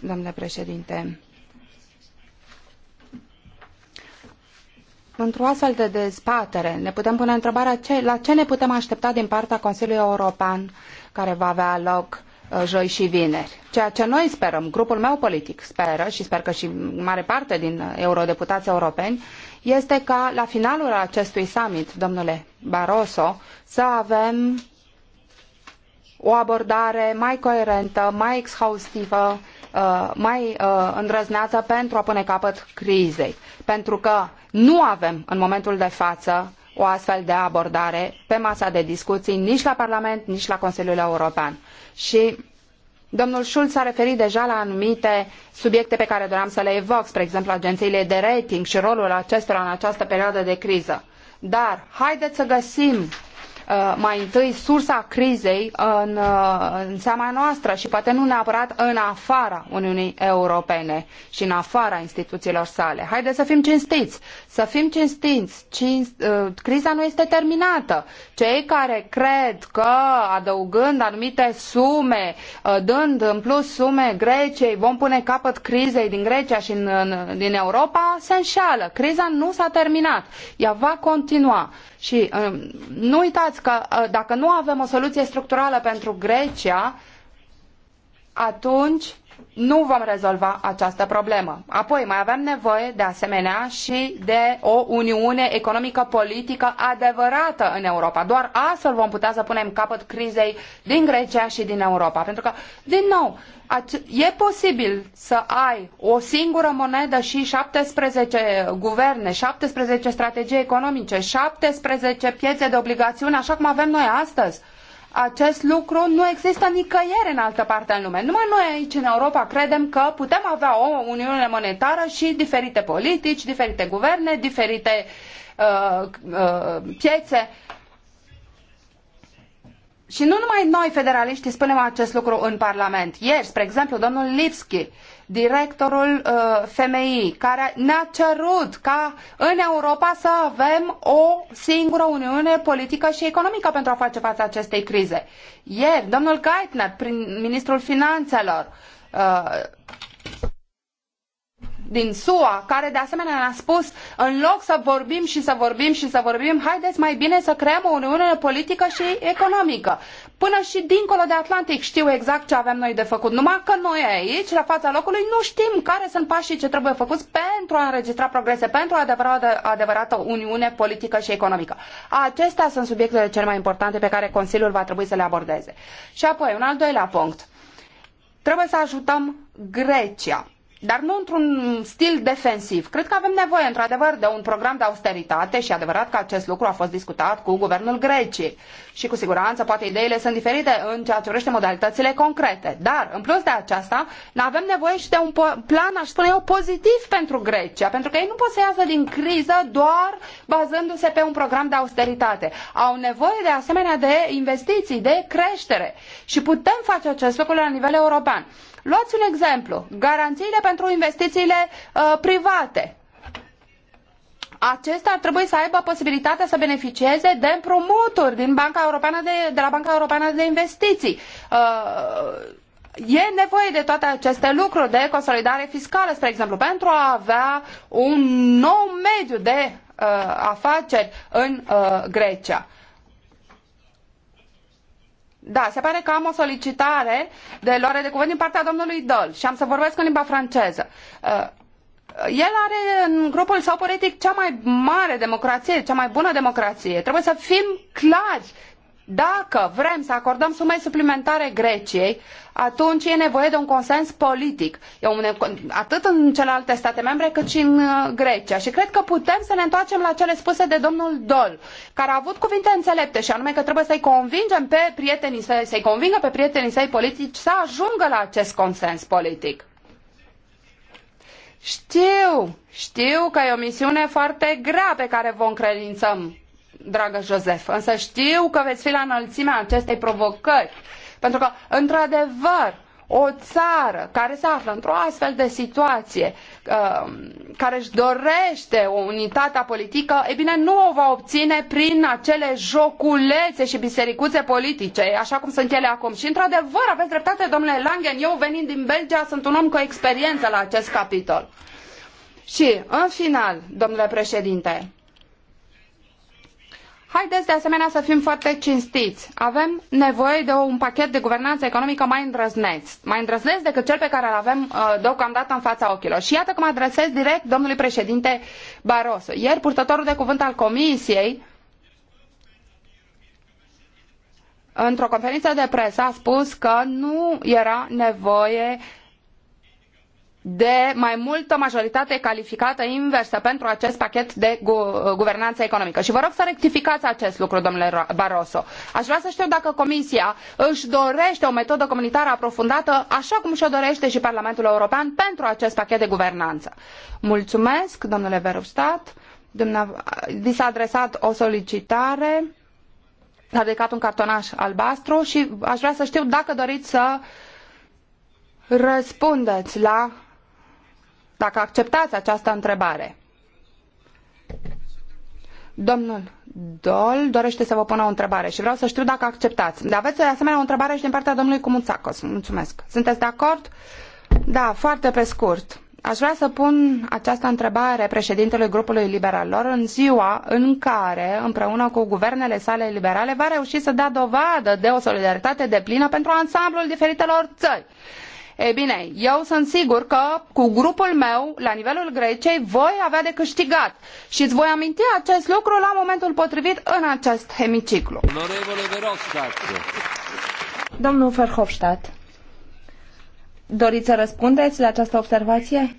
domnule președinte. Într-o astfel de dezbatere ne putem pune întrebarea la ce ne putem aștepta din partea Consiliului European care va avea loc uh, joi și vineri. Ceea ce noi sperăm, grupul meu politic speră și sper că și mare parte din eurodeputații europeni, este ca la finalul acestui summit, domnule Barroso, să avem o abordare mai coerentă, mai exhaustivă, uh, mai uh, îndrăzneață pentru a pune capăt crizei. Pentru că nu avem în momentul de față o astfel de abordare pe masa de discuții nici la Parlament, nici la Consiliul European. Și Domnul Schulz s-a referit deja la anumite subiecte pe care doream să le evoc, spre exemplu agențiile de rating și rolul acestora în această perioadă de criză. Dar haideți să găsim Uh, mai întâi sursa crizei în, uh, în seama noastră și poate nu neapărat în afara Uniunii Europene și în afara instituțiilor sale. Haideți să fim cinstiți, să fim cinstiți. Cinst, uh, criza nu este terminată. Cei care cred că adăugând anumite sume, dând în plus sume Greciei, vom pune capăt crizei din Grecia și în, în, din Europa, se înșeală. Criza nu s-a terminat. Ea va continua. Și um, nu uitați că uh, dacă nu avem o soluție structurală pentru Grecia, atunci nu vom rezolva această problemă. Apoi, mai avem nevoie, de asemenea, și de o uniune economică politică adevărată în Europa. Doar astfel vom putea să punem capăt crizei din Grecia și din Europa. Pentru că, din nou, e posibil să ai o singură monedă și 17 guverne, 17 strategii economice, 17 piețe de obligațiuni, așa cum avem noi astăzi acest lucru nu există nicăieri în altă parte în lume. Numai noi aici în Europa credem că putem avea o uniune monetară și diferite politici, diferite guverne, diferite uh, uh, piețe. Și nu numai noi, federaliștii, spunem acest lucru în Parlament. Ieri, spre exemplu, domnul Lipski uh, directorul uh, FMI, care ne-a cerut ca în Europa să avem o singură uniune politică și economică pentru a face față acestei crize. Ieri, domnul Geithner, prin ministrul finanțelor, uh, din SUA, care de asemenea ne-a spus, în loc să vorbim și să vorbim și să vorbim, haideți mai bine să creăm o uniune politică și economică până și dincolo de Atlantic știu exact ce avem noi de făcut. Numai că noi aici, la fața locului, nu știm care sunt pașii ce trebuie făcuți pentru a înregistra progrese, pentru o adevărată, adevărată uniune politică și economică. Acestea sunt subiectele cele mai importante pe care Consiliul va trebui să le abordeze. Și apoi, un al doilea punct. Trebuie să ajutăm Grecia dar nu într-un stil defensiv. Cred că avem nevoie, într-adevăr, de un program de austeritate și adevărat că acest lucru a fost discutat cu guvernul Greciei. Și cu siguranță, poate ideile sunt diferite în ceea ce urește modalitățile concrete. Dar, în plus de aceasta, avem nevoie și de un plan, aș spune eu, pozitiv pentru Grecia, pentru că ei nu pot să iasă din criză doar bazându-se pe un program de austeritate. Au nevoie, de asemenea, de investiții, de creștere. Și putem face acest lucru la nivel european. Luați un exemplu, garanțiile pentru investițiile uh, private acesta ar trebui să aibă posibilitatea să beneficieze de împrumuturi din Banca Europeană de, de la Banca Europeană de Investiții. Uh, E nevoie de toate aceste lucruri, de consolidare fiscală, spre exemplu, pentru a avea un nou mediu de uh, afaceri în uh, Grecia. Da, se pare că am o solicitare de luare de cuvânt din partea domnului Dol și am să vorbesc în limba franceză. Uh, el are în grupul său politic cea mai mare democrație, cea mai bună democrație. Trebuie să fim clari dacă vrem să acordăm sume suplimentare Greciei, atunci e nevoie de un consens politic, atât în celelalte state membre cât și în uh, Grecia. Și cred că putem să ne întoarcem la cele spuse de domnul Dol, care a avut cuvinte înțelepte și anume că trebuie să-i convingem pe prietenii săi, să-i convingă pe prietenii săi politici să ajungă la acest consens politic. Știu, știu că e o misiune foarte grea pe care vă încredințăm dragă Josef, însă știu că veți fi la înălțimea acestei provocări, pentru că, într-adevăr, o țară care se află într-o astfel de situație, um, care își dorește o unitate politică, e bine, nu o va obține prin acele joculețe și bisericuțe politice, așa cum sunt ele acum. Și, într-adevăr, aveți dreptate, domnule Langen, eu venind din Belgia, sunt un om cu experiență la acest capitol. Și, în final, domnule președinte, Haideți de asemenea să fim foarte cinstiți. Avem nevoie de un pachet de guvernanță economică mai îndrăzneț, mai îndrăzneț decât cel pe care îl avem uh, deocamdată în fața ochilor. Și iată că mă adresez direct domnului președinte Barroso. Ieri, purtătorul de cuvânt al Comisiei, într-o conferință de presă, a spus că nu era nevoie uh, de mai multă majoritate calificată inversă pentru acest pachet de gu- guvernanță economică. Și vă rog să rectificați acest lucru, domnule Barroso. Aș vrea să știu dacă Comisia își dorește o metodă comunitară aprofundată, așa cum și-o dorește și Parlamentul European, pentru acest pachet de guvernanță. Mulțumesc, domnule Verhofstadt. Vi s-a adresat o solicitare, s-a ridicat un cartonaș albastru și aș vrea să știu dacă doriți să răspundeți la dacă acceptați această întrebare. Domnul Dol dorește să vă pună o întrebare și vreau să știu dacă acceptați. De aveți de asemenea o întrebare și din partea domnului Cumuțacos. Mulțumesc. Sunteți de acord? Da, foarte pe scurt. Aș vrea să pun această întrebare președintelui grupului liberalilor în ziua în care, împreună cu guvernele sale liberale, va reuși să dea dovadă de o solidaritate deplină pentru ansamblul diferitelor țări. Ei bine, eu sunt sigur că cu grupul meu, la nivelul Greciei, voi avea de câștigat și îți voi aminti acest lucru la momentul potrivit în acest hemiciclu. Domnul Verhofstadt, doriți să răspundeți la această observație?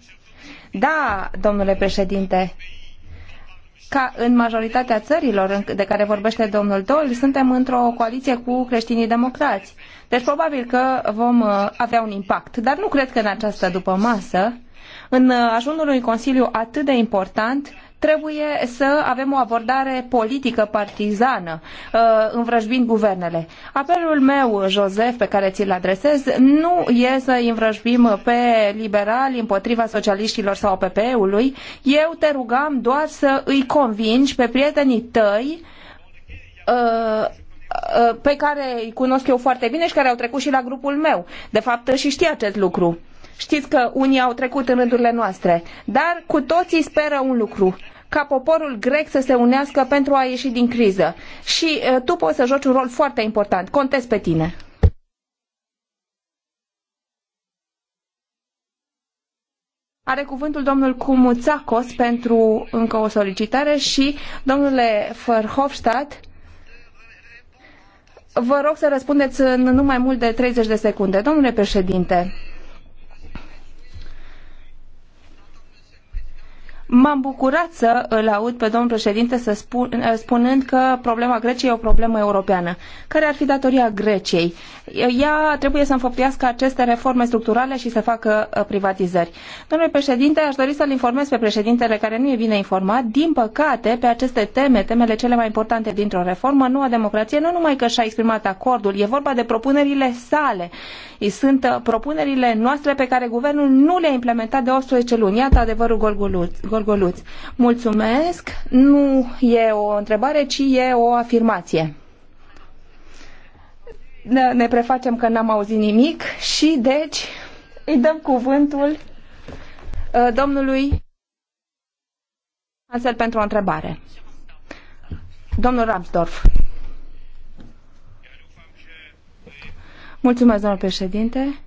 Da, domnule președinte ca în majoritatea țărilor de care vorbește domnul Dol, suntem într-o coaliție cu creștinii democrați. Deci probabil că vom uh, avea un impact, dar nu cred că în această după masă, în uh, ajunul unui consiliu atât de important, trebuie să avem o abordare politică partizană, uh, învrăjbind guvernele. Apelul meu, Joseph, pe care ți-l adresez, nu e să învrăjbim pe liberali împotriva socialiștilor sau PPE-ului. Eu te rugam doar să îi convingi pe prietenii tăi uh, uh, pe care îi cunosc eu foarte bine și care au trecut și la grupul meu. De fapt, și știe acest lucru. Știți că unii au trecut în rândurile noastre, dar cu toții speră un lucru, ca poporul grec să se unească pentru a ieși din criză. Și uh, tu poți să joci un rol foarte important. Contez pe tine. Are cuvântul domnul Cumuțacos pentru încă o solicitare și domnule Verhofstadt, vă rog să răspundeți în nu mai mult de 30 de secunde. Domnule președinte, M-am bucurat să îl aud pe domnul președinte să spun, eh, spunând că problema Greciei e o problemă europeană. Care ar fi datoria Greciei? Ea trebuie să înfăptuiască aceste reforme structurale și să facă eh, privatizări. Domnule președinte, aș dori să-l informez pe președintele care nu e bine informat. Din păcate, pe aceste teme, temele cele mai importante dintr-o reformă, nu a democrație, nu numai că și-a exprimat acordul, e vorba de propunerile sale. Sunt eh, propunerile noastre pe care guvernul nu le-a implementat de 18 luni. Iată adevărul golgului domnul Goluț. Mulțumesc. Nu e o întrebare, ci e o afirmație ne prefacem că n-am auzit nimic și deci îi dăm cuvântul uh, domnului Hansel pentru o întrebare. Domnul Ramsdorf. Mulțumesc, domnul președinte.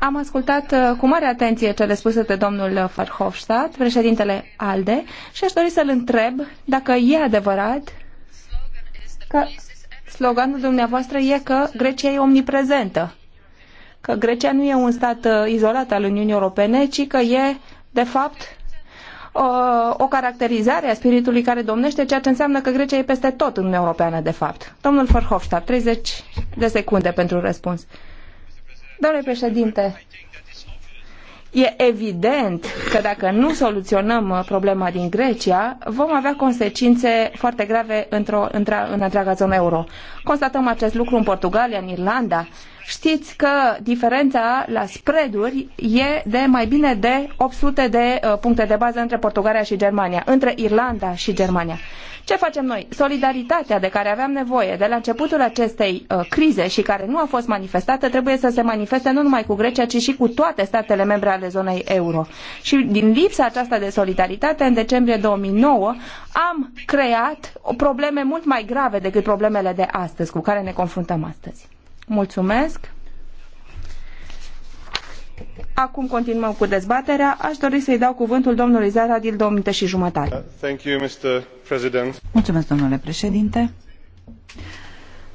Am ascultat uh, cu mare atenție cele spuse de domnul Verhofstadt, președintele ALDE, și aș dori să-l întreb dacă e adevărat că sloganul dumneavoastră e că Grecia e omniprezentă, că Grecia nu e un stat uh, izolat al Uniunii Europene, ci că e, de fapt, o caracterizare a spiritului care domnește, ceea ce înseamnă că Grecia e peste tot în Uniunea Europeană, de fapt. Domnul Verhofstadt, 30 de secunde pentru răspuns. Domnule președinte, E evident că dacă nu soluționăm uh, problema din Grecia, vom avea consecințe foarte grave într-o, într-a, în întreaga zonă euro. Constatăm acest lucru în Portugalia, în Irlanda, Știți că diferența la spreaduri e de mai bine de 800 de uh, puncte de bază între Portugalia și Germania, între Irlanda și Germania. Ce facem noi? Solidaritatea de care aveam nevoie de la începutul acestei uh, crize și care nu a fost manifestată trebuie să se manifeste nu numai cu Grecia, ci și cu toate statele membre ale zonei euro. Și din lipsa aceasta de solidaritate, în decembrie 2009 am creat probleme mult mai grave decât problemele de astăzi, cu care ne confruntăm astăzi. Mulțumesc. Acum continuăm cu dezbaterea. Aș dori să-i dau cuvântul domnului Zaradil, două minute și jumătate. Uh, thank you, Mr. President. Mulțumesc, domnule președinte.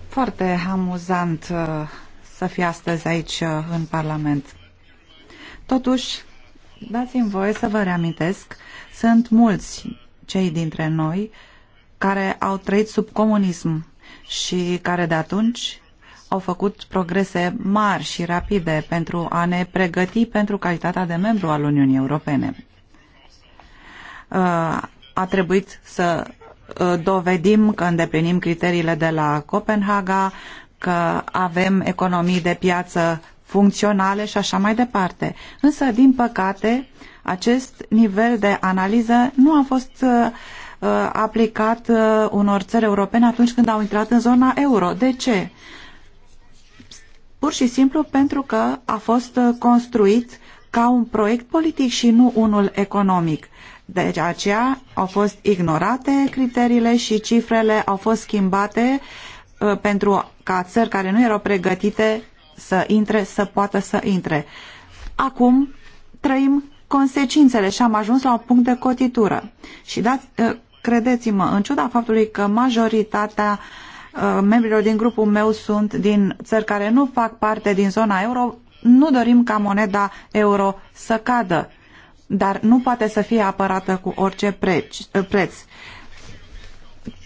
Foarte amuzant uh, să fii astăzi aici uh, în Parlament. Totuși, dați-mi voie să vă reamintesc, sunt mulți cei dintre noi care au trăit sub comunism și care de atunci au făcut progrese mari și rapide pentru a ne pregăti pentru calitatea de membru al Uniunii Europene. Uh, a trebuit să uh, dovedim că îndeplinim criteriile de la Copenhaga, că avem economii de piață funcționale și așa mai departe. Însă, din păcate, acest nivel de analiză nu a fost uh, aplicat unor țări europene atunci când au intrat în zona euro. De ce? pur și simplu pentru că a fost uh, construit ca un proiect politic și nu unul economic. Deci aceea au fost ignorate criteriile și cifrele au fost schimbate uh, pentru ca țări care nu erau pregătite să intre, să poată să intre. Acum trăim consecințele și am ajuns la un punct de cotitură. Și dați, uh, credeți-mă, în ciuda faptului că majoritatea uh, Uh, membrilor din grupul meu sunt din țări care nu fac parte din zona euro, nu dorim ca moneda euro să cadă, dar nu poate să fie apărată cu orice preț. Uh,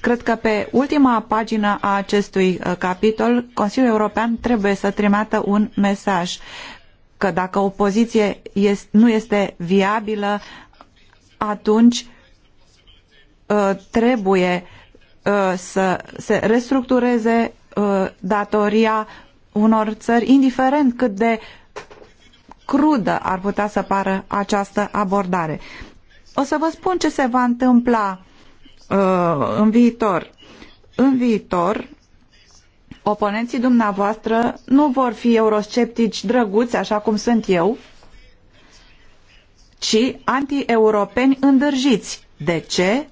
Cred că pe ultima pagină a acestui uh, capitol, Consiliul European trebuie să trimată un mesaj că dacă o poziție nu este viabilă, atunci trebuie Uh, să se restructureze uh, datoria unor țări, indiferent cât de crudă ar putea să pară această abordare. O să vă spun ce se va întâmpla uh, în viitor. În viitor, oponenții dumneavoastră nu vor fi eurosceptici drăguți, așa cum sunt eu, ci anti-europeni îndârjiți. De ce?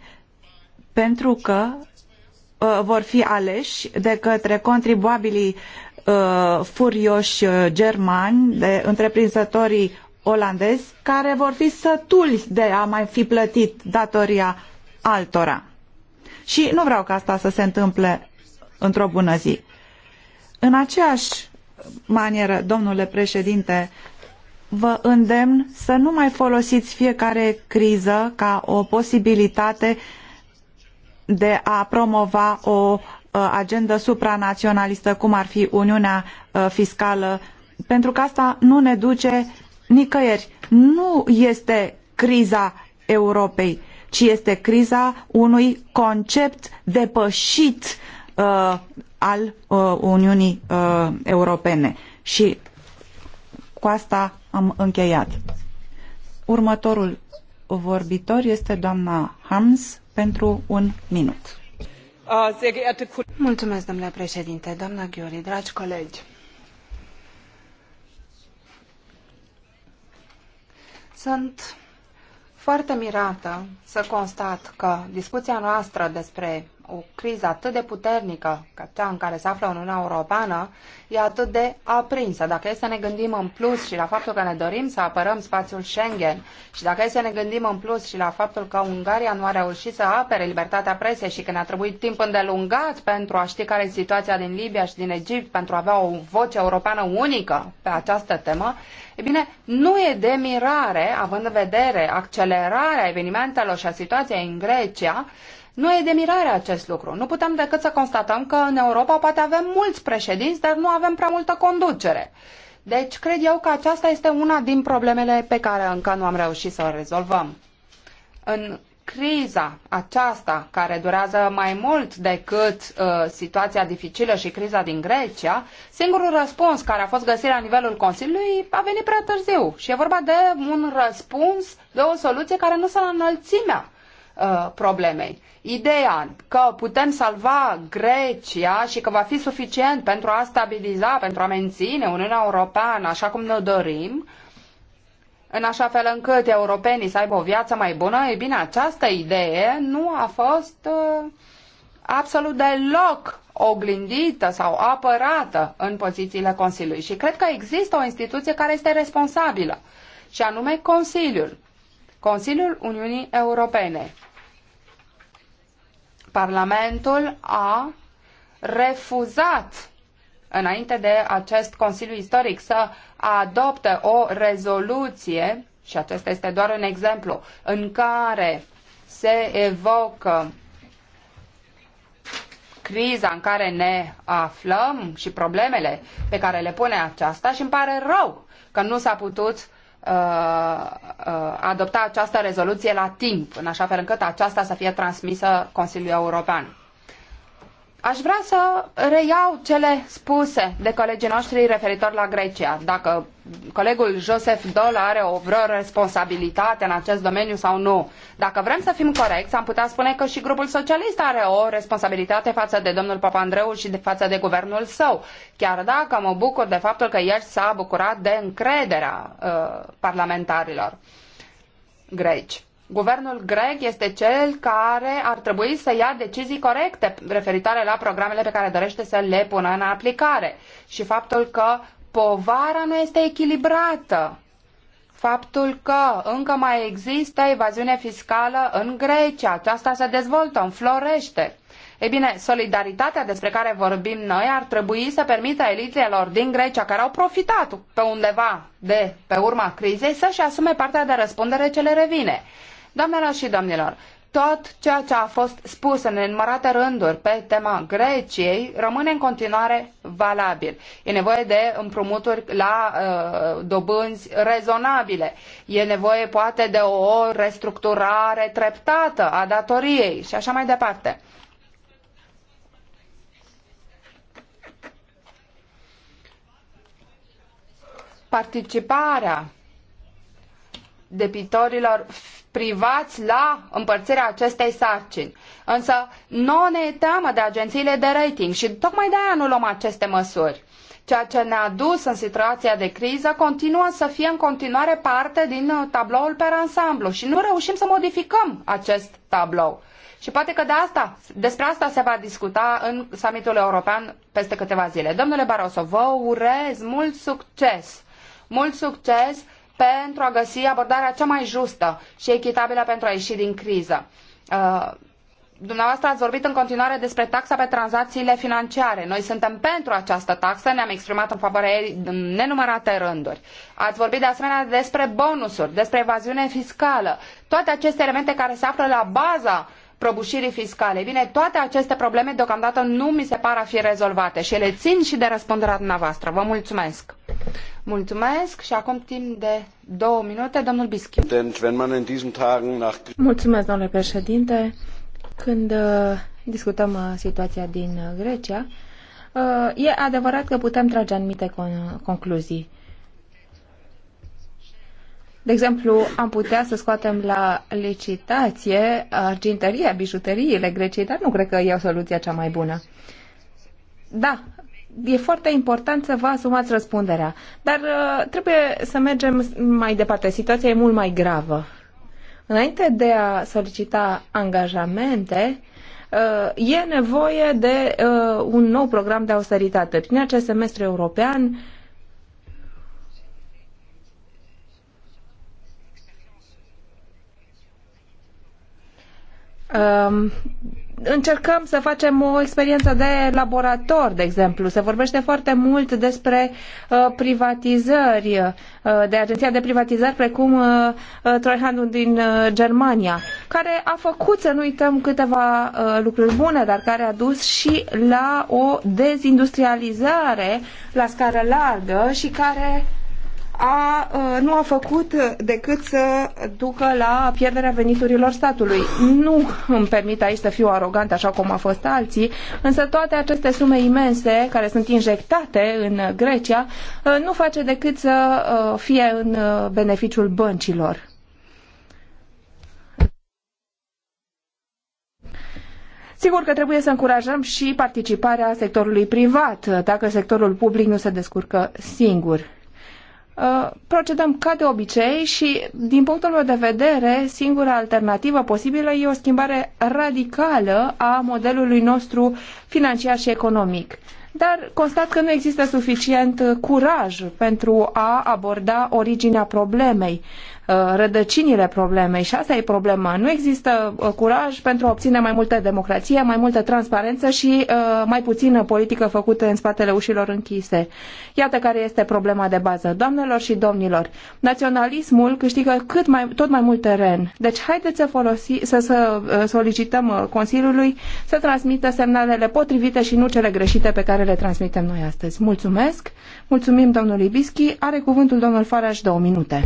Pentru că Uh, vor fi aleși de către contribuabilii uh, furioși uh, germani, de întreprinzătorii olandezi, care vor fi sătuli de a mai fi plătit datoria altora. Și nu vreau ca asta să se întâmple într-o bună zi. În aceeași manieră, domnule președinte, vă îndemn să nu mai folosiți fiecare criză ca o posibilitate de a promova o uh, agendă supranaționalistă, cum ar fi Uniunea uh, Fiscală, pentru că asta nu ne duce nicăieri. Nu este criza Europei, ci este criza unui concept depășit uh, al uh, Uniunii uh, Europene. Și cu asta am încheiat. Următorul vorbitor este doamna Hams pentru un minut. Mulțumesc, domnule președinte, doamna Ghiuri, dragi colegi. Sunt foarte mirată să constat că discuția noastră despre o criză atât de puternică ca cea în care se află Uniunea Europeană e atât de aprinsă. Dacă e să ne gândim în plus și la faptul că ne dorim să apărăm spațiul Schengen și dacă e să ne gândim în plus și la faptul că Ungaria nu a reușit să apere libertatea presei și că ne-a trebuit timp îndelungat pentru a ști care e situația din Libia și din Egipt, pentru a avea o voce europeană unică pe această temă, e bine, nu e de mirare, având în vedere accelerarea evenimentelor și a situației în Grecia, nu e de mirare acest lucru. Nu putem decât să constatăm că în Europa poate avem mulți președinți, dar nu avem prea multă conducere. Deci cred eu că aceasta este una din problemele pe care încă nu am reușit să o rezolvăm. În criza aceasta, care durează mai mult decât uh, situația dificilă și criza din Grecia, singurul răspuns care a fost găsit la nivelul Consiliului a venit prea târziu. Și e vorba de un răspuns, de o soluție care nu s-a înălțimea Uh, problemei. Ideea că putem salva Grecia și că va fi suficient pentru a stabiliza, pentru a menține Uniunea Europeană așa cum ne dorim, în așa fel încât europenii să aibă o viață mai bună, e bine, această idee nu a fost uh, absolut deloc oglindită sau apărată în pozițiile Consiliului. Și cred că există o instituție care este responsabilă, și anume Consiliul. Consiliul Uniunii Europene. Parlamentul a refuzat înainte de acest Consiliu Istoric să adopte o rezoluție, și acesta este doar un exemplu, în care se evocă criza în care ne aflăm și problemele pe care le pune aceasta și îmi pare rău că nu s-a putut Uh, uh, adopta această rezoluție la timp, în așa fel încât aceasta să fie transmisă Consiliului European. Aș vrea să reiau cele spuse de colegii noștri referitor la Grecia. Dacă colegul Joseph Dol are o vreo responsabilitate în acest domeniu sau nu. Dacă vrem să fim corecți, am putea spune că și grupul socialist are o responsabilitate față de domnul Papandreou și de față de guvernul său. Chiar dacă mă bucur de faptul că el s-a bucurat de încrederea uh, parlamentarilor greci. Guvernul grec este cel care ar trebui să ia decizii corecte referitoare la programele pe care dorește să le pună în aplicare. Și faptul că povara nu este echilibrată. Faptul că încă mai există evaziune fiscală în Grecia, aceasta se dezvoltă, înflorește. Ei bine, solidaritatea despre care vorbim noi ar trebui să permită elitelor din Grecia care au profitat pe undeva de pe urma crizei să-și asume partea de răspundere ce le revine. Doamnelor și domnilor, tot ceea ce a fost spus în enumărate rânduri pe tema Greciei rămâne în continuare valabil. E nevoie de împrumuturi la uh, dobânzi rezonabile. E nevoie poate de o restructurare treptată a datoriei și așa mai departe. Participarea debitorilor privați la împărțirea acestei sarcini. Însă nouă ne e teamă de agențiile de rating și tocmai de aia nu luăm aceste măsuri. Ceea ce ne-a dus în situația de criză continuă să fie în continuare parte din uh, tabloul per ansamblu și nu reușim să modificăm acest tablou. Și poate că de asta, despre asta se va discuta în summitul european peste câteva zile. Domnule Barroso, vă urez mult succes! Mult succes pentru a găsi abordarea cea mai justă și echitabilă pentru a ieși din criză. Uh, dumneavoastră ați vorbit în continuare despre taxa pe tranzacțiile financiare. Noi suntem pentru această taxă, ne-am exprimat în favoarea ei în nenumărate rânduri. Ați vorbit de asemenea despre bonusuri, despre evaziune fiscală. Toate aceste elemente care se află la baza uh, prăbușirii fiscale. Bine, toate aceste probleme deocamdată nu mi se par a fi rezolvate și ele țin și de răspunderea dumneavoastră. Vă mulțumesc! Mulțumesc și acum timp de două minute, domnul Bischi. Mulțumesc, domnule președinte. Când uh, discutăm uh, situația din Grecia, uh, e adevărat că putem trage anumite concluzii. De exemplu, am putea să scoatem la licitație argintăria, uh, bijuteriile Greciei, dar nu cred că e o soluție cea mai bună. Da, e foarte important să vă asumați răspunderea, dar uh, trebuie să mergem mai departe. Situația e mult mai gravă. Înainte de a solicita angajamente, uh, e nevoie de un nou program de austeritate. Prin acest semestru european, Um, încercăm să facem o experiență de laborator, de exemplu. Se vorbește foarte mult despre uh, privatizări, uh, de agenția de privatizări, precum uh, Treuhandul din Germania, care a făcut, să nu uităm, câteva lucruri bune, dar care a dus și la o dezindustrializare la scară largă și care a, ă, nu a făcut decât să ducă la pierderea veniturilor statului. Nu îmi permit aici să fiu arogant așa cum a fost alții, însă toate aceste sume imense care sunt injectate în Grecia ă, nu face decât să ă, fie în beneficiul băncilor. Sigur că trebuie să încurajăm și participarea sectorului privat, dacă sectorul public nu se descurcă singur Uh, procedăm ca de obicei și, din punctul meu de vedere, singura alternativă posibilă e o schimbare radicală a modelului nostru financiar și economic. Dar constat că nu există suficient curaj pentru a aborda originea problemei. Uh, rădăcinile problemei și asta e problema. Nu există uh, curaj pentru a obține mai multă democrație, mai multă transparență și uh, mai puțină politică făcută în spatele ușilor închise. Iată care este problema de bază. Doamnelor și domnilor, naționalismul câștigă cât mai, tot mai mult teren. Deci haideți să, folosi, să, să solicităm Consiliului să transmită semnalele potrivite și nu cele greșite pe care le transmitem noi astăzi. Mulțumesc! Mulțumim domnului Bischi. Are cuvântul domnul Faraj două minute.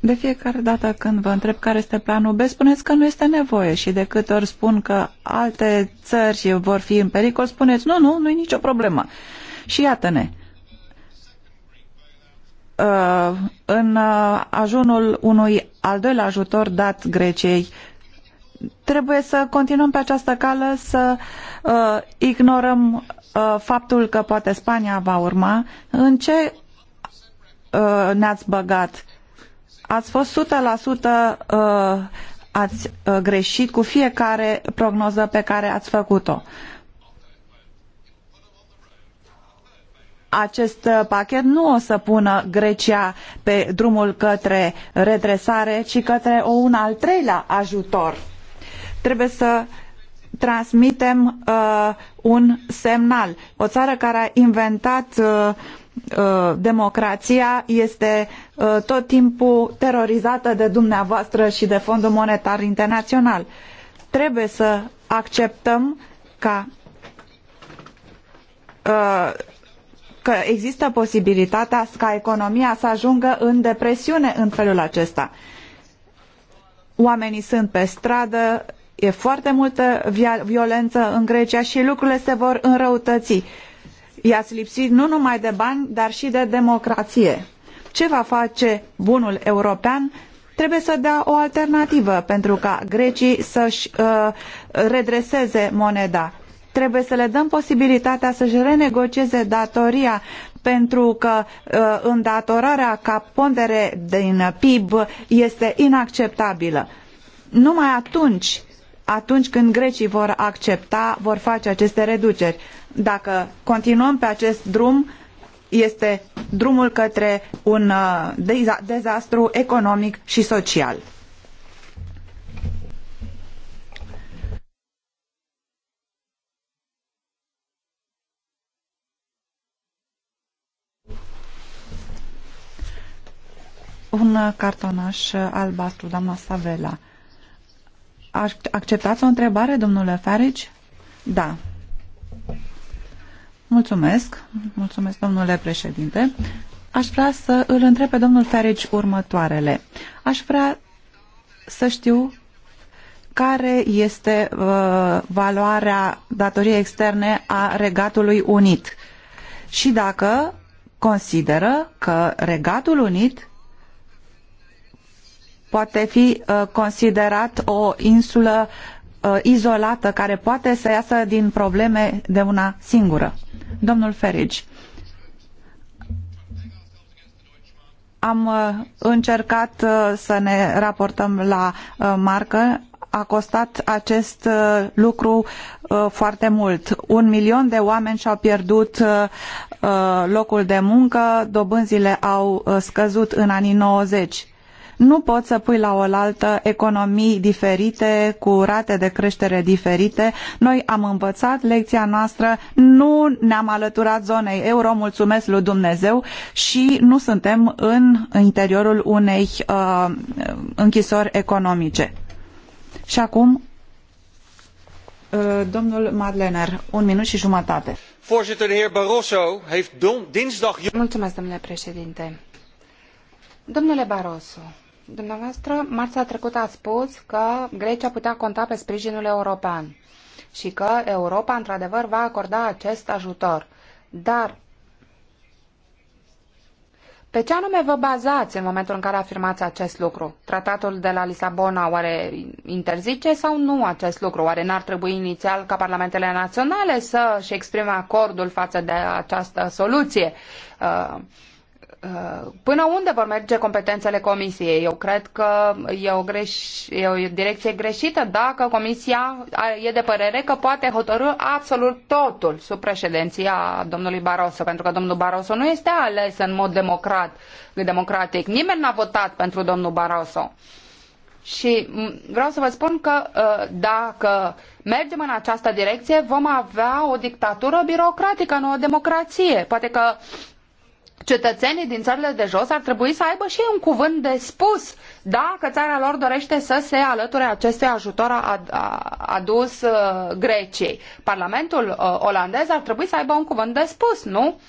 De fiecare dată când vă întreb care este planul B, spuneți că nu este nevoie și de câte ori spun că alte țări vor fi în pericol, spuneți nu, nu, nu e nicio problemă. Și iată-ne. Uh, în uh, ajunul unui al doilea ajutor dat Greciei, trebuie să continuăm pe această cale să uh, ignorăm faptul că poate Spania va urma. În ce Uh, ne-ați băgat. Ați fost 100% uh, ați uh, greșit cu fiecare prognoză pe care ați făcut-o. Acest uh, pachet nu o să pună Grecia pe drumul către redresare, ci către o, un al treilea ajutor. Trebuie să transmitem uh, un semnal. O țară care a inventat uh, Uh, democrația este uh, tot timpul terorizată de dumneavoastră și de Fondul Monetar Internațional. Trebuie să acceptăm ca uh, că există posibilitatea ca economia să ajungă în depresiune în felul acesta. Oamenii sunt pe stradă, e foarte multă violență în Grecia și lucrurile se vor înrăutăți i-ați lipsit nu numai de bani, dar și de democrație. Ce va face bunul european? Trebuie să dea o alternativă pentru ca grecii să-și uh, redreseze moneda. Trebuie să le dăm posibilitatea să-și renegocieze datoria pentru că uh, îndatorarea ca pondere din PIB este inacceptabilă. Numai atunci atunci când grecii vor accepta, vor face aceste reduceri. Dacă continuăm pe acest drum, este drumul către un uh, dezastru economic și social. Un uh, cartonaș uh, albastru, doamna Savela. Acceptați o întrebare, domnule Farage? Da. Mulțumesc. Mulțumesc, domnule președinte. Aș vrea să îl întreb pe domnul Ferici următoarele. Aș vrea să știu care este uh, valoarea datoriei externe a Regatului Unit și dacă consideră că Regatul Unit poate fi uh, considerat o insulă uh, izolată care poate să iasă din probleme de una singură. Domnul Ferici, am uh, încercat să ne raportăm la marcă. A costat acest lucru foarte mult. Un milion de oameni și-au pierdut locul de muncă, dobânzile au scăzut în anii 90 nu poți să pui la oaltă economii diferite, cu rate de creștere diferite. Noi am învățat lecția noastră, nu ne-am alăturat zonei euro, mulțumesc lui Dumnezeu, și nu suntem în interiorul unei uh, închisori economice. Și acum, uh, domnul Madlener, un minut și jumătate. Voorzitter, de heer Barroso heeft dinsdag... Mulțumesc, domnule președinte. Domnule Barroso, Dumneavoastră, marța trecută a spus că Grecia putea conta pe sprijinul european și că Europa, într-adevăr, va acorda acest ajutor. Dar pe ce anume vă bazați în momentul în care afirmați acest lucru? Tratatul de la Lisabona oare interzice sau nu acest lucru? Oare n-ar trebui inițial ca parlamentele naționale să-și exprime acordul față de această soluție? Uh, Până unde vor merge competențele comisiei? Eu cred că e o, greș... e o direcție greșită dacă comisia e de părere că poate hotărâ absolut totul sub președinția domnului Barroso, pentru că domnul Barroso nu este ales în mod democrat, democratic. Nimeni n-a votat pentru domnul Barroso. Și vreau să vă spun că uh, dacă mergem în această direcție, vom avea o dictatură birocratică, nu o democrație. Poate că cetățenii din țările de jos ar trebui să aibă și un cuvânt de spus dacă țara lor dorește să se alăture acestui ajutor adus uh, Greciei. Parlamentul uh, olandez ar trebui să aibă un cuvânt de spus, nu?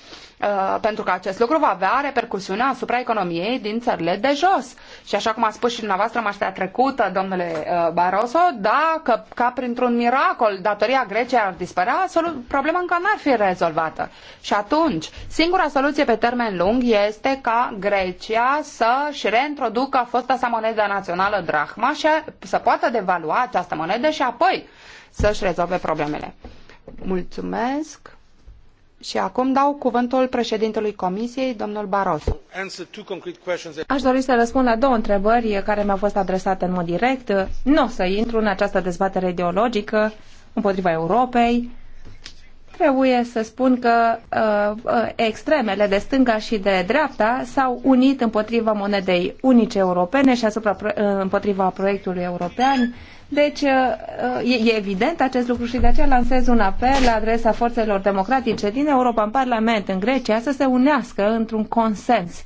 Uh, pentru că acest lucru va avea repercusiuni asupra economiei din țările de jos. Și așa cum a spus și dumneavoastră maștea trecută, domnule uh, Barroso, dacă ca printr-un miracol datoria Greciei ar dispărea, problema încă n-ar fi rezolvată. Și atunci, singura soluție pe termen lung este ca Grecia să-și reintroducă fosta sa monedă națională drahma și să poată devalua această monedă și apoi să-și rezolve problemele. Mulțumesc! Și acum dau cuvântul președintelui Comisiei, domnul Barroso. Aș dori să răspund la două întrebări care mi-au fost adresate în mod direct. Nu o să intru în această dezbatere ideologică împotriva Europei. Trebuie să spun că uh, uh extremele de stânga și de dreapta s-au unit împotriva monedei unice europene și asupra, uh, împotriva proiectului european deci uh, uh, e evident acest lucru și de aceea lansez un apel la adresa forțelor democratice din Europa, în Parlament, în Grecia, să se unească într-un consens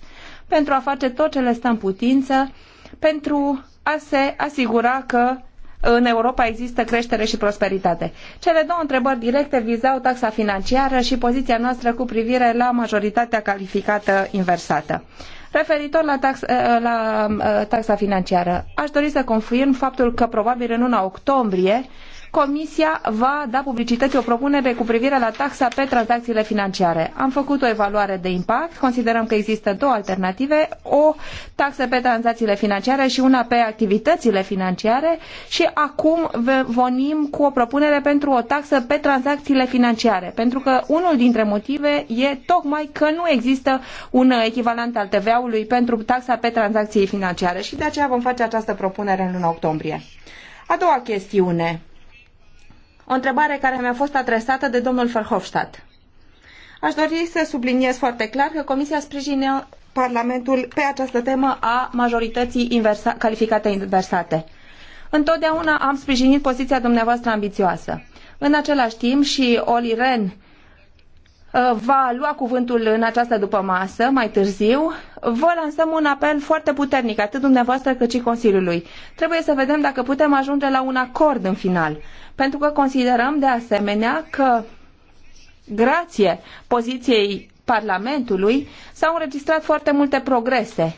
pentru a face tot ce le stă în putință, pentru a se asigura că în Europa există creștere și prosperitate. Cele două întrebări directe vizau taxa financiară și poziția noastră cu privire la majoritatea calificată inversată. Referitor la, tax, eh, la eh, taxa financiară, aș dori să confirm faptul că probabil în luna octombrie Comisia va da publicității o propunere cu privire la taxa pe tranzacțiile financiare. Am făcut o evaluare de impact, considerăm că există două alternative, o taxă pe tranzacțiile financiare și una pe activitățile financiare și acum venim cu o propunere pentru o taxă pe tranzacțiile financiare, pentru că unul dintre motive e tocmai că nu există un echivalent al TVA-ului pentru taxa pe tranzacții financiare și de aceea vom face această propunere în luna octombrie. A doua chestiune o întrebare care mi-a fost adresată de domnul Verhofstadt. Aș dori să subliniez foarte clar că Comisia sprijină Parlamentul pe această temă a majorității inversa, calificate inversate. Întotdeauna am sprijinit poziția dumneavoastră ambițioasă. În același timp și Oli Ren Uh, va lua cuvântul în această dupămasă, mai târziu, vă lansăm un apel foarte puternic, atât dumneavoastră cât și Consiliului. Trebuie să vedem dacă putem ajunge la un acord în final, pentru că considerăm de asemenea că, grație poziției Parlamentului, s-au înregistrat foarte multe progrese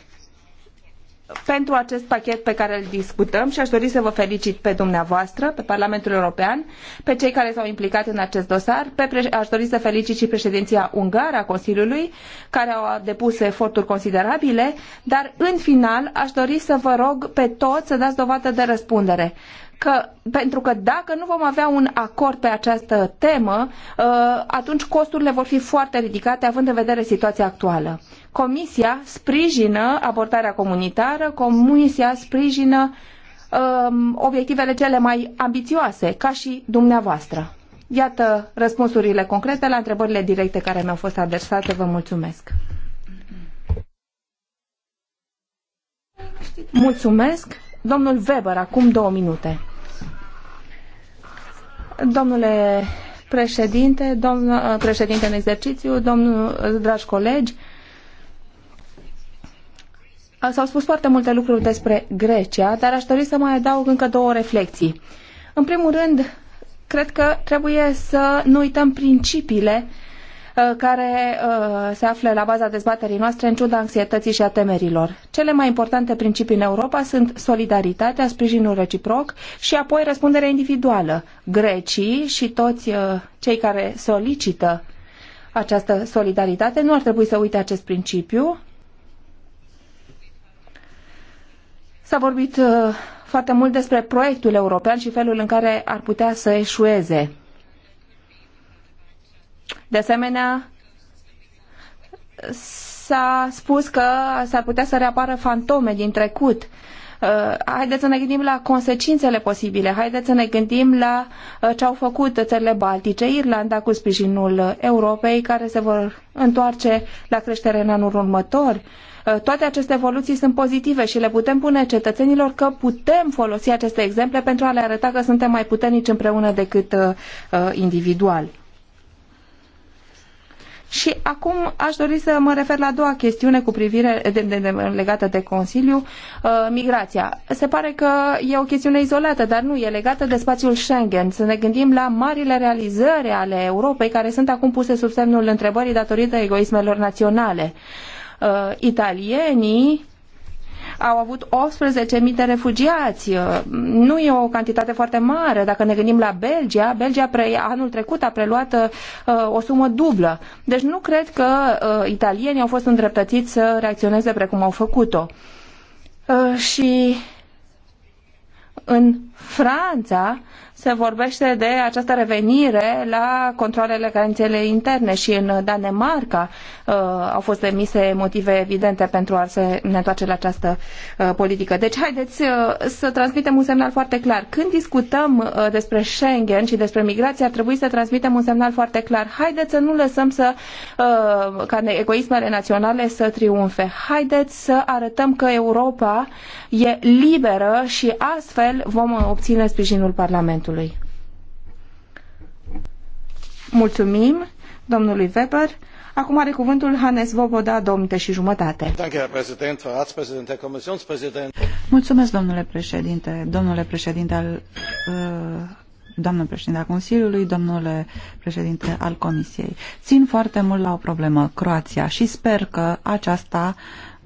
pentru acest pachet pe care îl discutăm și aș dori să vă felicit pe dumneavoastră, pe Parlamentul European, pe cei care s-au implicat în acest dosar, pe aș dori să felicit și președinția ungară a Consiliului, care au depus eforturi considerabile, dar în final aș dori să vă rog pe toți să dați dovadă de răspundere că, pentru că dacă nu vom avea un acord pe această temă, uh, atunci costurile vor fi foarte ridicate, având în vedere situația actuală. Comisia sprijină abordarea comunitară, Comisia sprijină um, obiectivele cele mai ambițioase, ca și dumneavoastră. Iată răspunsurile concrete la întrebările directe care mi-au fost adresate. Vă mulțumesc! Mulțumesc! Domnul Weber, acum două minute. Domnule președinte, domn, uh, președinte în exercițiu, domnul, uh, dragi colegi, uh, s-au spus foarte multe lucruri despre Grecia, dar aș dori să mai adaug încă două reflexii. În primul rând, cred că trebuie să nu uităm principiile Uh, care uh, se află la baza dezbaterii noastre în ciuda anxietății și a temerilor. Cele mai importante principii în Europa sunt solidaritatea, sprijinul reciproc și apoi răspunderea individuală. Grecii și toți uh, cei care solicită această solidaritate nu ar trebui să uite acest principiu. S-a vorbit foarte mult despre proiectul european și felul în care ar putea să eșueze de asemenea, s-a spus că s-ar putea să reapară fantome din trecut. Uh, haideți să ne gândim la consecințele posibile, haideți să ne gândim la uh, ce au făcut țările baltice, Irlanda cu sprijinul Europei, care se vor întoarce la creștere în anul următor. Uh, toate aceste evoluții sunt pozitive și le putem pune cetățenilor că putem folosi aceste exemple pentru a le arăta că suntem mai puternici împreună decât individual. Și acum aș dori să mă refer la a doua chestiune cu privire de, de, de, legată de Consiliu, uh, migrația. Se pare că e o chestiune izolată, dar nu, e legată de spațiul Schengen. Să ne gândim la marile realizări ale Europei care sunt acum puse sub semnul întrebării datorită egoismelor naționale. Uh, italienii au avut 18.000 de refugiați. Uh, nu e o cantitate foarte mare. Dacă ne gândim la Belgia, Belgia anul trecut a preluat uh, o sumă dublă. Deci nu cred că uh, italienii au fost îndreptățiți să reacționeze precum au făcut-o. Și în Franța se vorbește de această revenire la controlele granițele interne și în Danemarca uh, au fost emise motive evidente pentru a se ne întoarce la această uh, politică. Deci haideți uh, să transmitem un semnal foarte clar. Când discutăm uh, despre Schengen și despre migrație, ar trebui să transmitem un semnal foarte clar. Haideți să nu lăsăm să uh, ca egoismele naționale să triumfe. Haideți să arătăm că Europa e liberă și astfel vom uh, obține sprijinul Parlamentului. Mulțumim domnului Weber. Acum are cuvântul Hannes Voboda, domn și jumătate. Mulțumesc, domnule președinte, domnule președinte al uh, doamnă președinte a Consiliului, domnule președinte al Comisiei. Țin foarte mult la o problemă, Croația, și sper că aceasta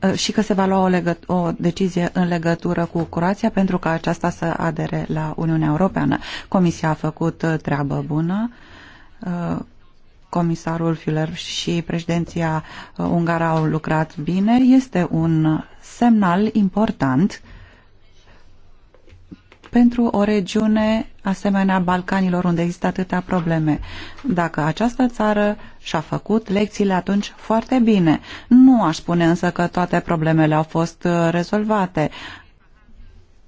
Uh, și că se va lua o, legăt- o decizie în legătură cu Croația pentru ca aceasta să adere la Uniunea Europeană. Comisia a făcut uh, treabă bună. Uh, comisarul Fuller și președinția ungară au lucrat bine. Este un semnal important uh, pentru o regiune asemenea Balcanilor, unde există atâtea probleme. Dacă această țară și-a făcut lecțiile atunci foarte bine, nu aș spune însă că toate problemele au fost uh, rezolvate.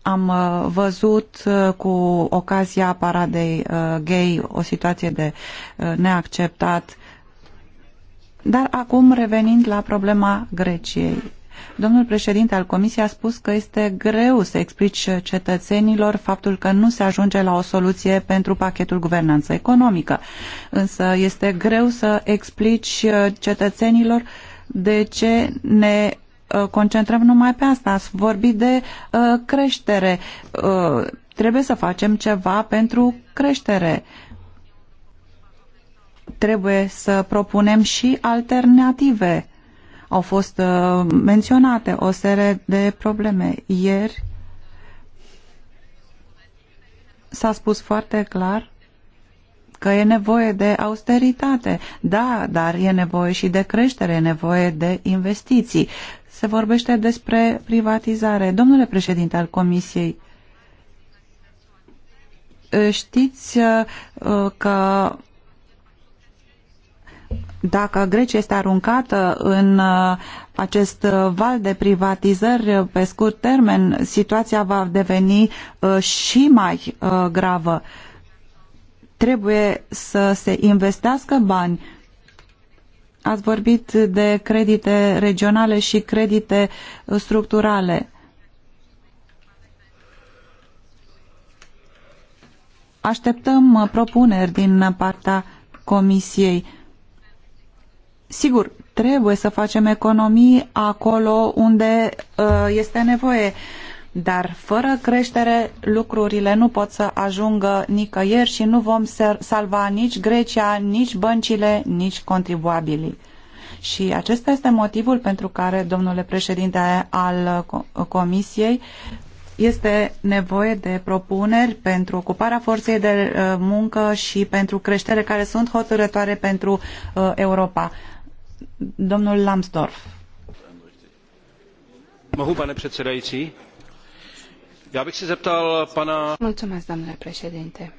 Am uh, văzut uh, cu ocazia paradei gay o situație de neacceptat, dar acum revenind la problema Greciei Domnul președinte al Comisiei a spus că este greu să explici cetățenilor faptul că nu se ajunge la o soluție pentru pachetul guvernanță economică. Însă este greu să explici cetățenilor de ce ne uh, concentrăm numai pe asta. Ați vorbit de uh, creștere. Uh, trebuie să facem ceva pentru creștere trebuie să propunem și alternative au fost uh, menționate o serie de probleme. Ieri s-a spus foarte clar că e nevoie de austeritate. Da, dar e nevoie și de creștere, e nevoie de investiții. Se vorbește despre privatizare. Domnule președinte al Comisiei, uh, știți uh, că dacă Grecia este aruncată în uh, acest uh, val de privatizări uh, pe scurt termen, situația va deveni și mai gravă. Trebuie să se investească bani. Ați vorbit de credite regionale și credite structurale. Așteptăm propuneri din partea Comisiei Sigur, trebuie să facem economii acolo unde uh, este nevoie, dar fără creștere lucrurile nu pot să ajungă nicăieri și nu vom salva nici Grecia, nici băncile, nici contribuabilii. Și acesta este motivul pentru care, domnule președinte al Comisiei, este nevoie de propuneri pentru ocuparea forței de uh, muncă și pentru creștere care sunt hotărătoare pentru uh, Europa. Domnul Lambsdorff. Mohu, pane předsedající. Já bych se zeptal pana... Mulțumesc, domnule președinte.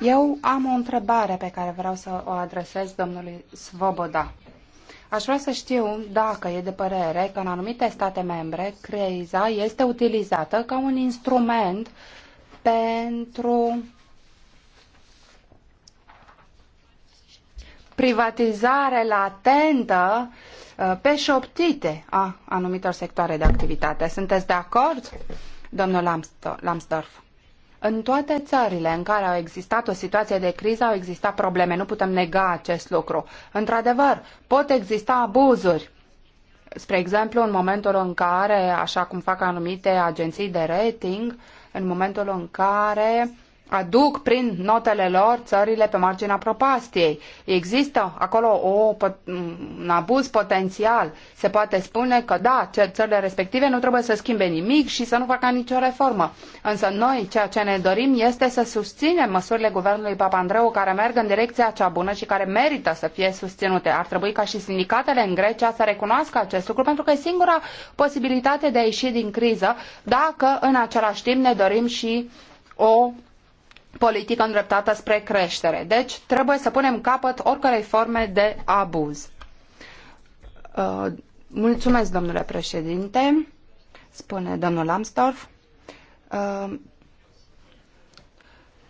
Eu am o întrebare pe care vreau să o adresez domnului Svoboda. Aș vrea să știu dacă e de părere că în anumite state membre criza este utilizată ca un instrument pentru privatizare latentă uh, pe șoptite a anumitor sectoare de activitate. Sunteți de acord, domnul Lambsdorff? În toate țările în care au existat o situație de criză au existat probleme, nu putem nega acest lucru. Într-adevăr, pot exista abuzuri. Spre exemplu, în momentul în care, așa cum fac anumite agenții de rating, în momentul în care aduc prin notele lor țările pe marginea propastiei. Există acolo o, un abuz potențial. Se poate spune că da, țările respective nu trebuie să schimbe nimic și să nu facă nicio reformă. Însă noi ceea ce ne dorim este să susținem măsurile guvernului Papandreou care merg în direcția cea bună și care merită să fie susținute. Ar trebui ca și sindicatele în Grecia să recunoască acest lucru pentru că e singura posibilitate de a ieși din criză dacă în același timp ne dorim și o politică îndreptată spre creștere. Deci trebuie să punem capăt oricărei forme de abuz. Uh, mulțumesc, domnule președinte, spune domnul Amstorf. Uh,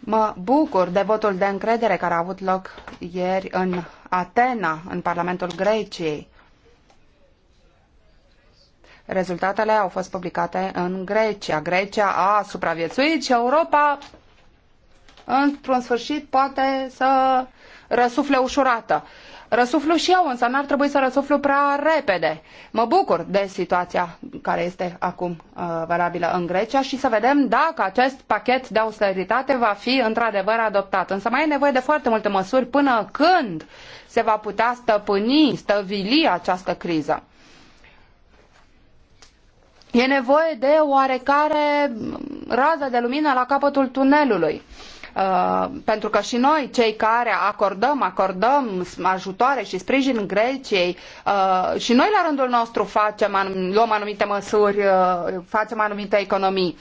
mă bucur de votul de încredere care a avut loc ieri în Atena, în Parlamentul Greciei. Rezultatele au fost publicate în Grecia. Grecia a supraviețuit și Europa într-un sfârșit poate să răsufle ușurată. Răsuflu și eu, însă n-ar trebui să răsuflu prea repede. Mă bucur de situația care este acum uh, valabilă în Grecia și să vedem dacă acest pachet de austeritate va fi într-adevăr adoptat. Însă mai e nevoie de foarte multe măsuri până când se va putea stăpâni, stăvili această criză. E nevoie de oarecare rază de lumină la capătul tunelului. Uh, Uh, pentru că și noi, cei care acordăm, acordăm ajutoare și sprijin Greciei, uh, și noi la rândul nostru facem, luăm anumite măsuri, uh, facem anumite economii.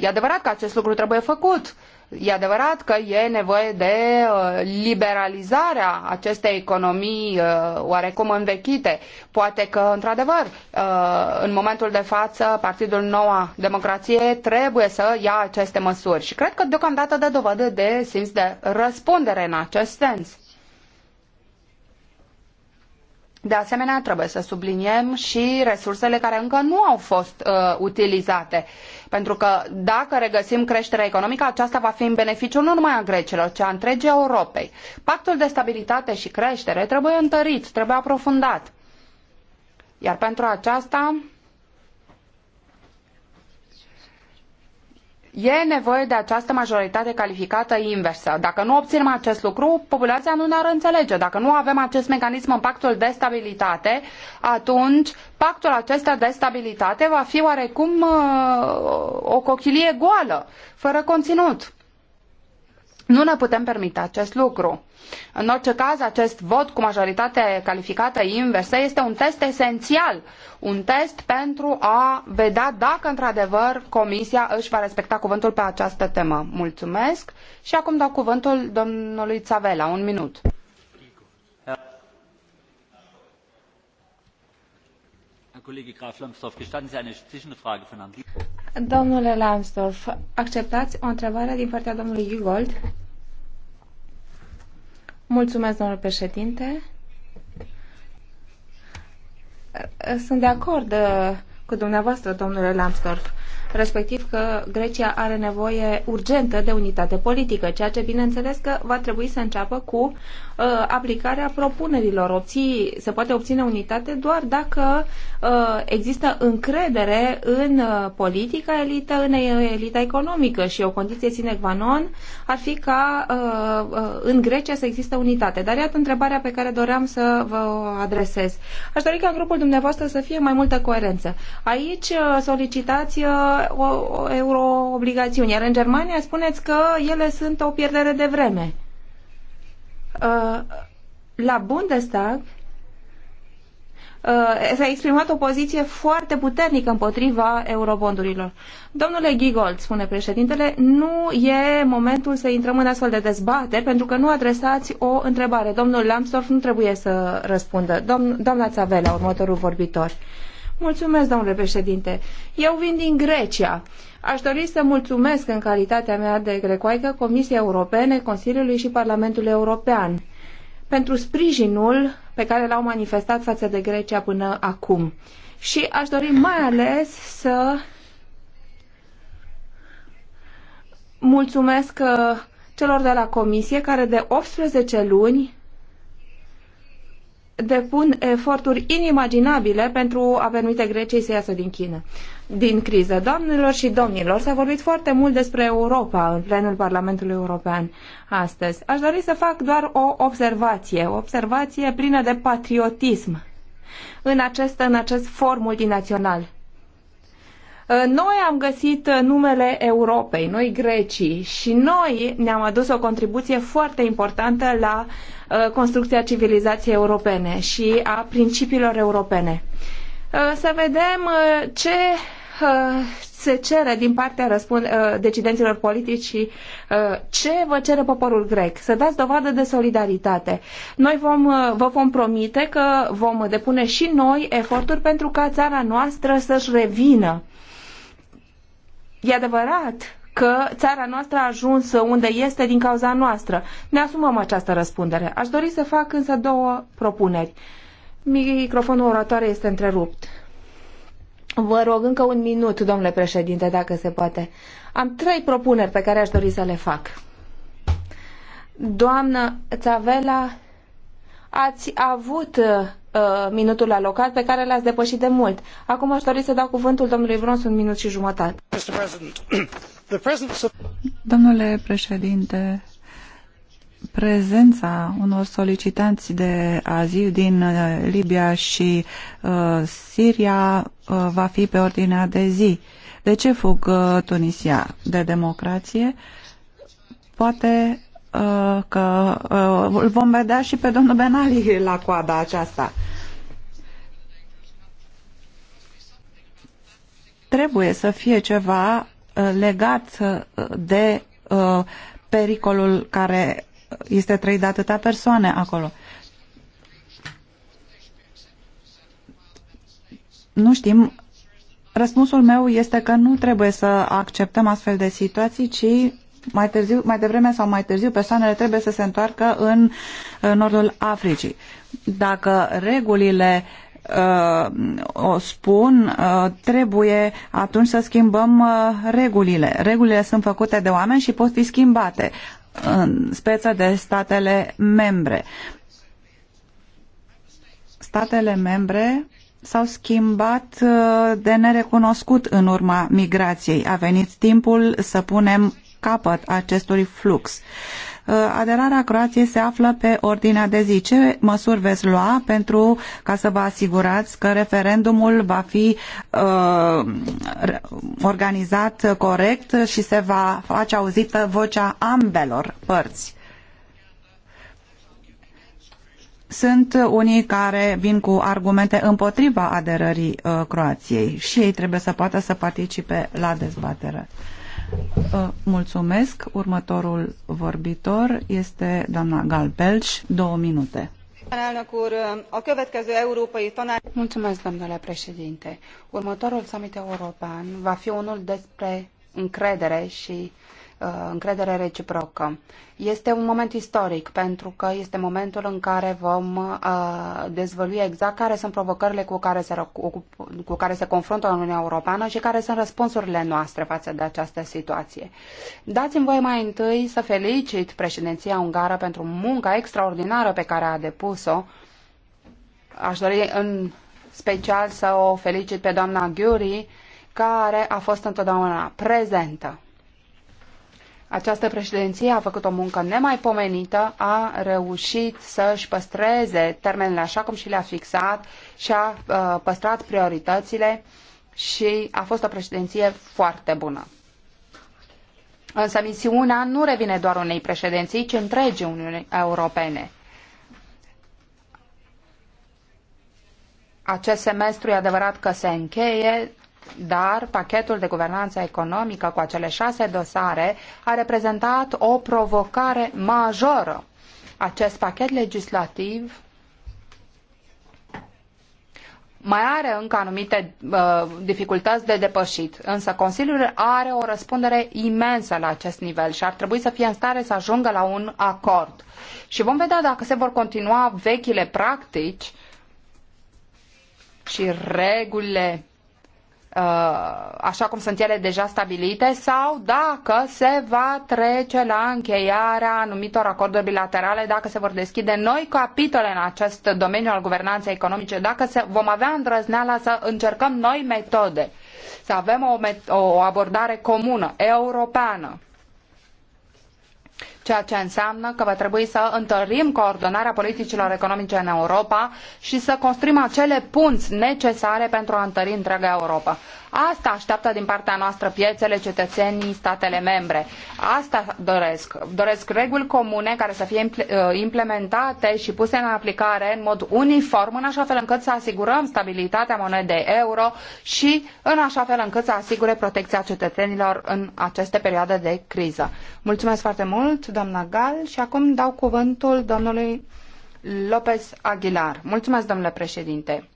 E adevărat că acest lucru trebuie făcut E adevărat că e nevoie de uh, liberalizarea acestei economii uh, oarecum învechite. Poate că, într-adevăr, uh, în momentul de față, Partidul Noua Democrație trebuie să ia aceste măsuri. Și cred că deocamdată dă dovadă de simț de răspundere în acest sens. De asemenea, trebuie să subliniem și resursele care încă nu au fost uh, utilizate. Pentru că dacă regăsim creșterea economică, aceasta va fi în beneficiul nu numai a grecilor, ci a întregii Europei. Pactul de stabilitate și creștere trebuie întărit, trebuie aprofundat. Iar pentru aceasta E nevoie de această majoritate calificată inversă. Dacă nu obținem acest lucru, populația nu ne-ar înțelege. Dacă nu avem acest mecanism în pactul de stabilitate, atunci pactul acesta de stabilitate va fi oarecum uh, o cochilie goală, fără conținut. Nu ne putem permite acest lucru. În orice caz, acest vot cu majoritate calificată inversă este un test esențial, un test pentru a vedea dacă într-adevăr Comisia își va respecta cuvântul pe această temă. Mulțumesc și acum dau cuvântul domnului Țavela. Un minut. Domnule Lambsdorff, acceptați o întrebare din partea domnului Giegold? Mulțumesc, domnule președinte. Sunt de acord uh, cu dumneavoastră, domnule Lambsdorff respectiv că Grecia are nevoie urgentă de unitate politică, ceea ce bineînțeles că va trebui să înceapă cu uh, aplicarea propunerilor. Obții, se poate obține unitate doar dacă uh, există încredere în uh, politica elită, în elita economică și o condiție sine qua non ar fi ca uh, uh, în Grecia să există unitate. Dar iată întrebarea pe care doream să vă adresez. Aș dori ca în grupul dumneavoastră să fie mai multă coerență. Aici uh, solicitați uh, o Euro Iar în Germania spuneți că ele sunt o pierdere de vreme. Uh, la Bundestag uh, s-a exprimat o poziție foarte puternică împotriva eurobondurilor. Domnule Gigold, spune președintele, nu e momentul să intrăm în astfel de dezbateri pentru că nu adresați o întrebare. Domnul Lambsdorff nu trebuie să răspundă. Domn, doamna Țavela, următorul vorbitor. Mulțumesc, domnule președinte. Eu vin din Grecia. Aș dori să mulțumesc în calitatea mea de grecoaică Comisiei Europene, Consiliului și Parlamentului European pentru sprijinul pe care l-au manifestat față de Grecia până acum. Și aș dori mai ales să mulțumesc uh, celor de la Comisie care de 18 luni depun eforturi inimaginabile pentru a permite Greciei să iasă din China, din criză. Doamnelor și domnilor, s-a vorbit foarte mult despre Europa în plenul Parlamentului European astăzi. Aș dori să fac doar o observație, o observație plină de patriotism în acest, în acest for multinațional. Uh, noi am găsit uh, numele Europei, noi grecii, și noi ne-am adus o contribuție foarte importantă la uh, construcția civilizației europene și a principiilor europene. Să vedem ce se cere din partea răspund, decidenților politici și ce vă cere poporul grec. Să dați dovadă de solidaritate. Noi vom, vă vom promite că vom depune și noi eforturi pentru ca țara noastră să-și revină E adevărat că țara noastră a ajuns unde este din cauza noastră. Ne asumăm această răspundere. Aș dori să fac însă două propuneri. Microfonul oratoare este întrerupt. Vă rog încă un minut, domnule președinte, dacă se poate. Am trei propuneri pe care aș dori să le fac. Doamnă Țavela, ați avut Uh, minutul alocat pe care l-ați depășit de mult. Acum aș dori să dau cuvântul domnului Vrons un minut și jumătate. Domnule președinte, prezența unor solicitanți de azil din uh, Libia și uh, Siria uh, va fi pe ordinea de zi. De ce fug uh, Tunisia? De democrație? Poate Uh, că uh, îl vom vedea și pe domnul Benali la coada aceasta. Trebuie să fie ceva uh, legat de pericolul care este trăit de atâtea persoane acolo. Nu știm. Răspunsul meu este că nu trebuie să acceptăm astfel de situații, ci mai, târziu, mai devreme sau mai târziu persoanele trebuie să se întoarcă în nordul Africii. Dacă regulile uh, o spun, uh, trebuie atunci să schimbăm uh, regulile. Regulile sunt făcute de oameni și pot fi schimbate în speță de statele membre. Statele membre s-au schimbat uh, de nerecunoscut în urma migrației. A venit timpul să punem capăt acestui flux. Uh, aderarea Croației se află pe ordinea de zi. Ce măsuri veți lua pentru ca să vă asigurați că referendumul va fi uh, organizat corect și se va face auzită vocea ambelor părți? Sunt unii care vin cu argumente împotriva aderării uh, Croației și ei trebuie să poată să participe la dezbatere. Mulțumesc. Următorul vorbitor este doamna Galpelci, două minute. Mulțumesc, domnule președinte. Următorul summit european va fi unul despre încredere și uh, Uh, încredere reciprocă. Este un moment istoric pentru că este momentul în care vom uh, dezvălui exact care sunt provocările cu care se, cu care se confruntă Uniunea Europeană și care sunt răspunsurile noastre față de această situație. Dați-mi voi mai întâi să felicit președinția ungară pentru munca extraordinară pe care a depus-o. Aș dori în special să o felicit pe doamna Ghiuri, care a fost întotdeauna prezentă această președinție a făcut o muncă nemaipomenită, a reușit să-și păstreze termenele așa cum și le-a fixat și a uh, păstrat prioritățile și a fost o președinție foarte bună. Însă misiunea nu revine doar unei președinții, ci întregii Uniunii Europene. Acest semestru e adevărat că se încheie, dar pachetul de guvernanță economică cu acele șase dosare a reprezentat o provocare majoră. Acest pachet legislativ mai are încă anumite uh, dificultăți de depășit, însă Consiliul are o răspundere imensă la acest nivel și ar trebui să fie în stare să ajungă la un acord. Și vom vedea dacă se vor continua vechile practici și regulile Uh, așa cum sunt ele deja stabilite sau dacă se va trece la încheierea anumitor acorduri bilaterale, dacă se vor deschide noi capitole în acest domeniu al guvernanței economice, dacă se, vom avea îndrăzneala să încercăm noi metode, să avem o, o abordare comună, europeană ceea ce înseamnă că va trebui să întărim coordonarea politicilor economice în Europa și să construim acele punți necesare pentru a întări întreaga Europa. Asta așteaptă din partea noastră piețele, cetățenii, statele membre. Asta doresc. Doresc reguli comune care să fie uh, implementate și puse în aplicare în mod uniform, în așa fel încât să asigurăm stabilitatea monedei euro și în așa fel încât să asigure protecția cetățenilor în aceste perioade de criză. Mulțumesc foarte mult! doamna Gal, și acum dau cuvântul domnului López Aguilar. Mulțumesc, domnule președinte.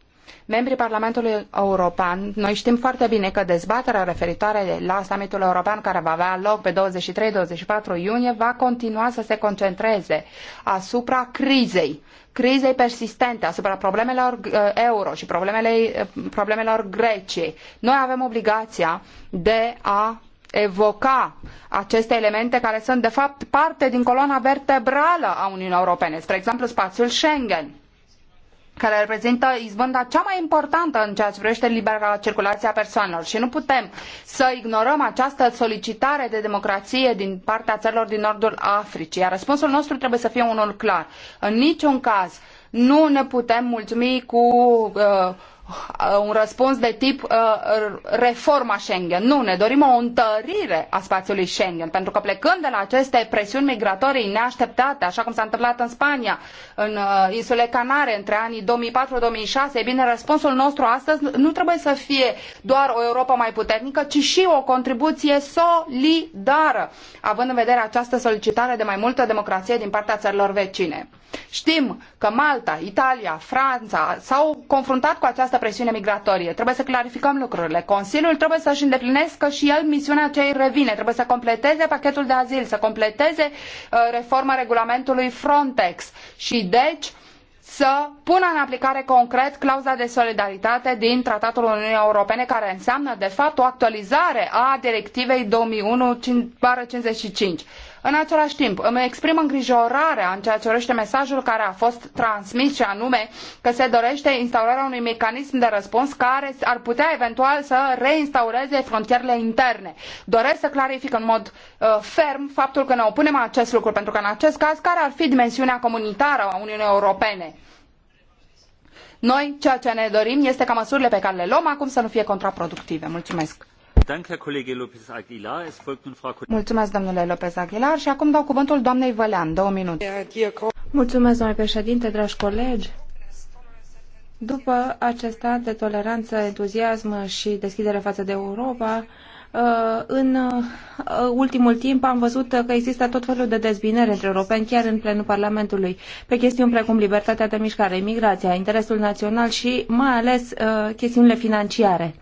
Membrii Parlamentului European, noi știm foarte bine că dezbaterea referitoare la summitul european care va avea loc pe 23-24 iunie va continua să se concentreze asupra crizei crizei persistente, asupra problemelor eh, euro și eh, problemelor Greciei, noi avem obligația de a evoca aceste elemente care sunt de fapt parte din coloana vertebrală a Uniunii Europene, spre exemplu spațiul Schengen care reprezintă izbânda cea mai importantă în ceea ce privește libera circulație a persoanelor. Și nu putem să ignorăm această solicitare de democrație din partea țărilor din nordul Africii. Iar răspunsul nostru trebuie să fie unul clar. În niciun caz nu ne putem mulțumi cu uh, Uh, un răspuns de tip uh, reforma Schengen. Nu, ne dorim o întărire a spațiului Schengen, pentru că plecând de la aceste presiuni migratorii neașteptate, așa cum s-a întâmplat în Spania, în uh, insule Canare, între anii 2004-2006, bine, răspunsul nostru astăzi nu trebuie să fie doar o Europa mai puternică, ci și o contribuție solidară, având în vedere această solicitare de mai multă democrație din partea țărilor vecine. Știm că Malta, Italia, Franța s-au confruntat cu această această presiune migratorie. Trebuie să clarificăm lucrurile. Consiliul trebuie să-și îndeplinească și el misiunea ce îi revine. Trebuie să completeze pachetul de azil, să completeze uh, reforma regulamentului Frontex și deci să pună în aplicare concret clauza de solidaritate din Tratatul Uniunii Europene, care înseamnă, de fapt, o actualizare a Directivei 2001-55. În același timp, îmi exprim îngrijorarea în ceea ce urește mesajul care a fost transmis și anume că se dorește instaurarea unui mecanism de răspuns care ar putea eventual să reinstaureze frontierele interne. Doresc să clarific în mod uh, ferm faptul că ne opunem acest lucru, pentru că în acest caz care ar fi dimensiunea comunitară a Uniunii Europene? Noi ceea ce ne dorim este ca măsurile pe care le luăm acum să nu fie contraproductive. Mulțumesc! Mulțumesc, domnule Aguilar. Și acum dau cuvântul minute. Mulțumesc, domnule După acest an de toleranță, entuziasm și deschidere față de Europa, uh, în uh, ultimul timp am văzut că există tot felul de dezbinere între europeni, chiar în plenul Parlamentului, pe chestiuni precum libertatea de mișcare, imigrația, interesul național și mai ales uh, chestiunile financiare.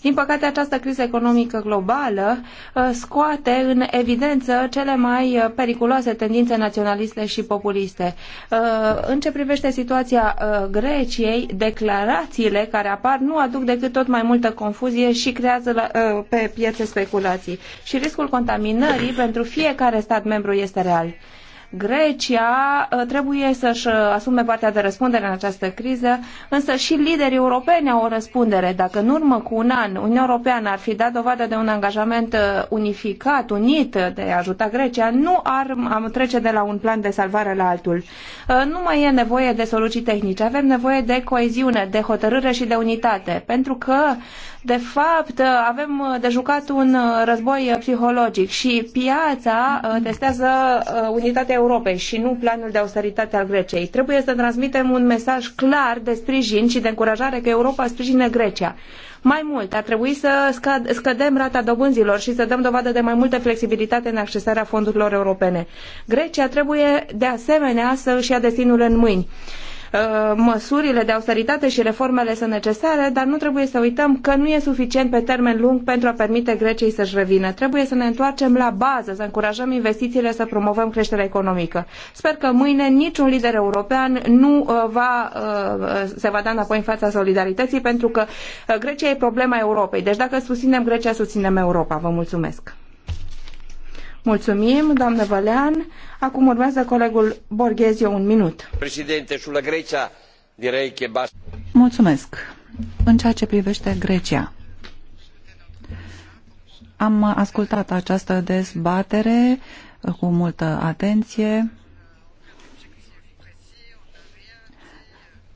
Din păcate, această criză economică globală uh, scoate în evidență cele mai uh, periculoase tendințe naționaliste și populiste. Uh, în ce privește situația Greciei, declarațiile care apar nu aduc decât tot mai multă confuzie și creează pe piețe speculații. Și riscul contaminării pentru fiecare stat membru este real. Grecia uh, trebuie să-și uh, asume partea de răspundere în această criză, însă și liderii europeni au o răspundere. Dacă în urmă cu un an Uniunea Europeană ar fi dat dovadă de un angajament uh, unificat, unit de a ajuta Grecia, nu ar am trece de la un plan de salvare la altul. Nu mai e nevoie de soluții tehnice, avem nevoie de coeziune, de hotărâre și de unitate, pentru că de fapt, avem de jucat un uh, război uh, psihologic și piața uh, testează unitatea Europei și nu planul de austeritate al Greciei. Trebuie să transmitem un mesaj clar de sprijin și de încurajare că Europa sprijină Grecia. Mai mult, ar trebui să scad, scădem rata dobânzilor și să dăm dovadă de mai multă flexibilitate în accesarea fondurilor europene. Grecia trebuie de asemenea să își ia destinul în mâini Uh, măsurile de austeritate și reformele sunt necesare, dar nu trebuie să uităm că nu e suficient pe termen lung pentru a permite Greciei să-și revină. Trebuie să ne întoarcem la bază, să încurajăm investițiile, să promovăm creșterea economică. Sper că mâine niciun lider european nu uh, va, uh, se va da înapoi în fața solidarității, pentru că Grecia e problema Europei. Deci dacă susținem Grecia, susținem Europa. Vă mulțumesc! Mulțumim, doamnă Vălean. Acum urmează colegul Borghezio un minut. Președinte, la Grecia, direi că basta. Mulțumesc. În ceea ce privește Grecia, am ascultat această dezbatere cu multă atenție.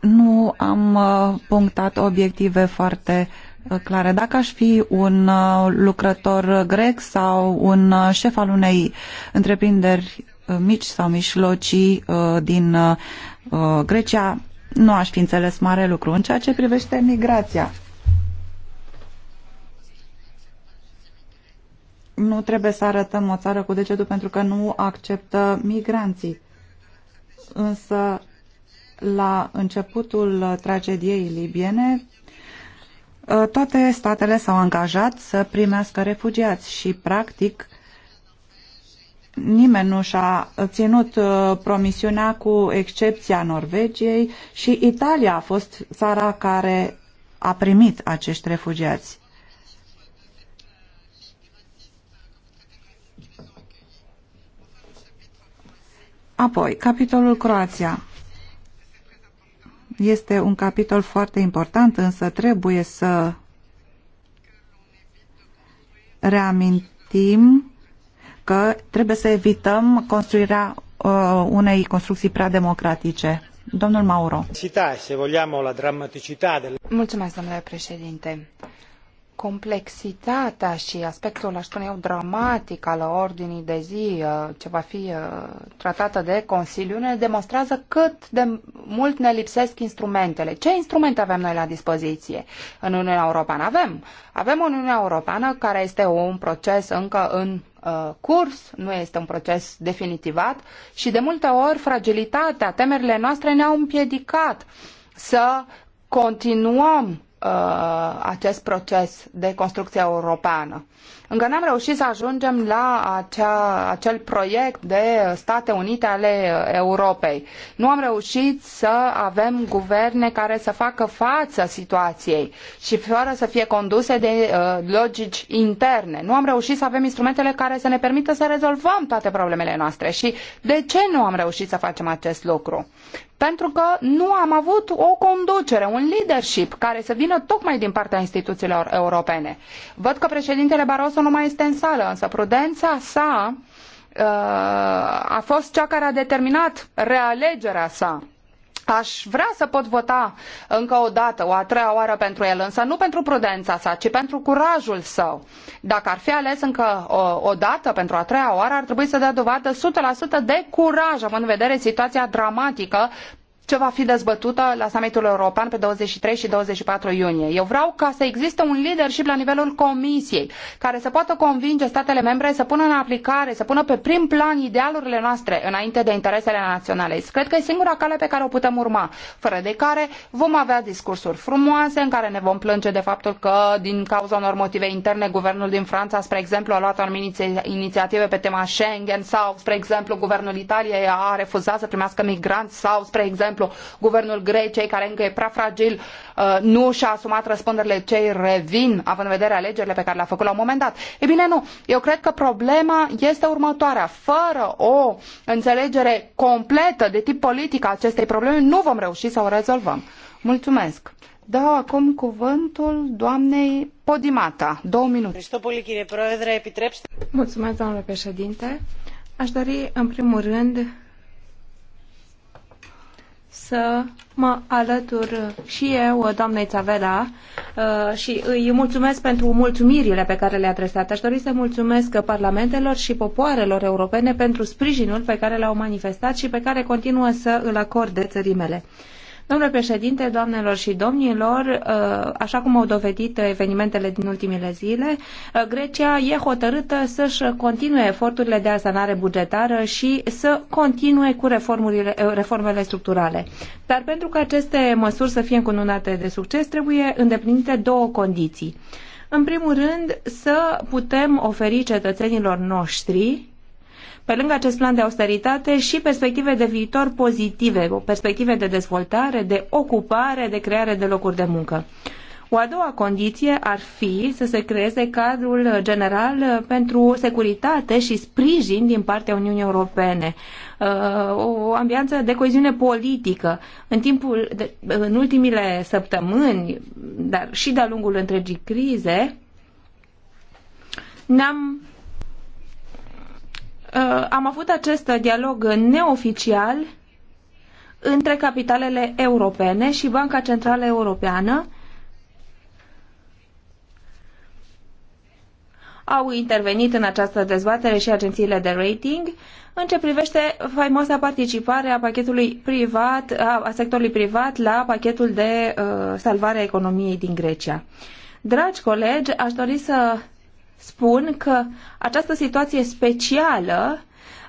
Nu am uh, punctat obiective foarte clare. Dacă aș fi un uh, lucrător grec sau un uh, șef al unei întreprinderi uh, mici sau mișlocii din Grecia, nu aș fi înțeles mare lucru. În ceea ce privește migrația, nu trebuie să arătăm o țară cu degetul pentru că nu acceptă migranții. Însă, la începutul tragediei libiene, Uh, toate statele s-au angajat să primească refugiați și, practic, nimeni nu și-a ținut uh, promisiunea cu excepția Norvegiei și Italia a fost țara care a primit acești refugiați. Apoi, capitolul Croația. Este un capitol foarte important, însă trebuie să reamintim că trebuie să evităm construirea uh, unei construcții prea democratice. Domnul Mauro. Mulțumesc, domnule președinte complexitatea și aspectul, aș spune eu, dramatic al ordinii de zi uh, ce va fi uh, tratată de Consiliu ne demonstrează cât de mult ne lipsesc instrumentele. Ce instrumente avem noi la dispoziție în Uniunea Europeană? Avem. Avem o Uniunea Europeană care este un proces încă în uh, curs, nu este un proces definitivat și de multe ori fragilitatea, temerile noastre ne-au împiedicat să continuăm Uh, acest proces de construcție europeană încă n-am reușit să ajungem la acea, acel proiect de State Unite ale Europei. Nu am reușit să avem guverne care să facă față situației și fără să fie conduse de uh, logici interne. Nu am reușit să avem instrumentele care să ne permită să rezolvăm toate problemele noastre. Și de ce nu am reușit să facem acest lucru? pentru că nu am avut o conducere, un leadership care să vină tocmai din partea instituțiilor europene. Văd că președintele Barroso nu mai este în sală, însă prudența sa uh, a fost cea care a determinat realegerea sa. Aș vrea să pot vota încă o dată, o a treia oară pentru el, însă nu pentru prudența sa, ci pentru curajul său. Dacă ar fi ales încă o, o dată, pentru a treia oară, ar trebui să dea dovadă 100% de curaj, având în vedere situația dramatică ce va fi dezbătută la summitul european pe 23 și 24 iunie. Eu vreau ca să existe un leadership la nivelul Comisiei care să poată convinge statele membre să pună în aplicare, să pună pe prim plan idealurile noastre înainte de interesele naționale. Cred că e singura cale pe care o putem urma, fără de care vom avea discursuri frumoase în care ne vom plânge de faptul că din cauza unor motive interne guvernul din Franța, spre exemplu, a luat anumite inițiative pe tema Schengen sau, spre exemplu, guvernul Italiei a refuzat să primească migranți sau, spre exemplu, exemplu, guvernul Greciei, care încă e prea fragil, uh, nu și-a asumat răspunderile cei revin, având în vedere alegerile pe care le-a făcut la un moment dat. E bine, nu. Eu cred că problema este următoarea. Fără o înțelegere completă de tip politic a acestei probleme, nu vom reuși să o rezolvăm. Mulțumesc. Dau acum cuvântul doamnei Podimata. Două minute. Mulțumesc, doamnă președinte. Aș dori, în primul rând, să mă alătur și eu, doamnei Țavela, uh, și îi mulțumesc pentru mulțumirile pe care le-a adresat. Aș dori să mulțumesc parlamentelor și popoarelor europene pentru sprijinul pe care l-au manifestat și pe care continuă să îl acorde țării mele. Domnule președinte, doamnelor și domnilor, uh, așa cum au dovedit evenimentele din ultimile zile, uh, Grecia e hotărâtă să-și continue eforturile de asanare bugetară și să continue cu uh, reformele structurale. Dar pentru că aceste măsuri să fie încununate de succes, trebuie îndeplinite două condiții. În primul rând, să putem oferi cetățenilor noștri pe lângă acest plan de austeritate, și perspective de viitor pozitive, perspective de dezvoltare, de ocupare, de creare de locuri de muncă. O a doua condiție ar fi să se creeze cadrul general pentru securitate și sprijin din partea Uniunii Europene, uh, o ambianță de coeziune politică. În, timpul de, în ultimile săptămâni, dar și de-a lungul întregii crize, ne-am Uh, am avut acest dialog neoficial între capitalele europene și Banca Centrală Europeană au intervenit în această dezbatere și agențiile de rating în ce privește faimoasa participare a pachetului privat, a, sectorului privat la pachetul de uh, salvare a economiei din Grecia. Dragi colegi, aș dori să spun că această situație specială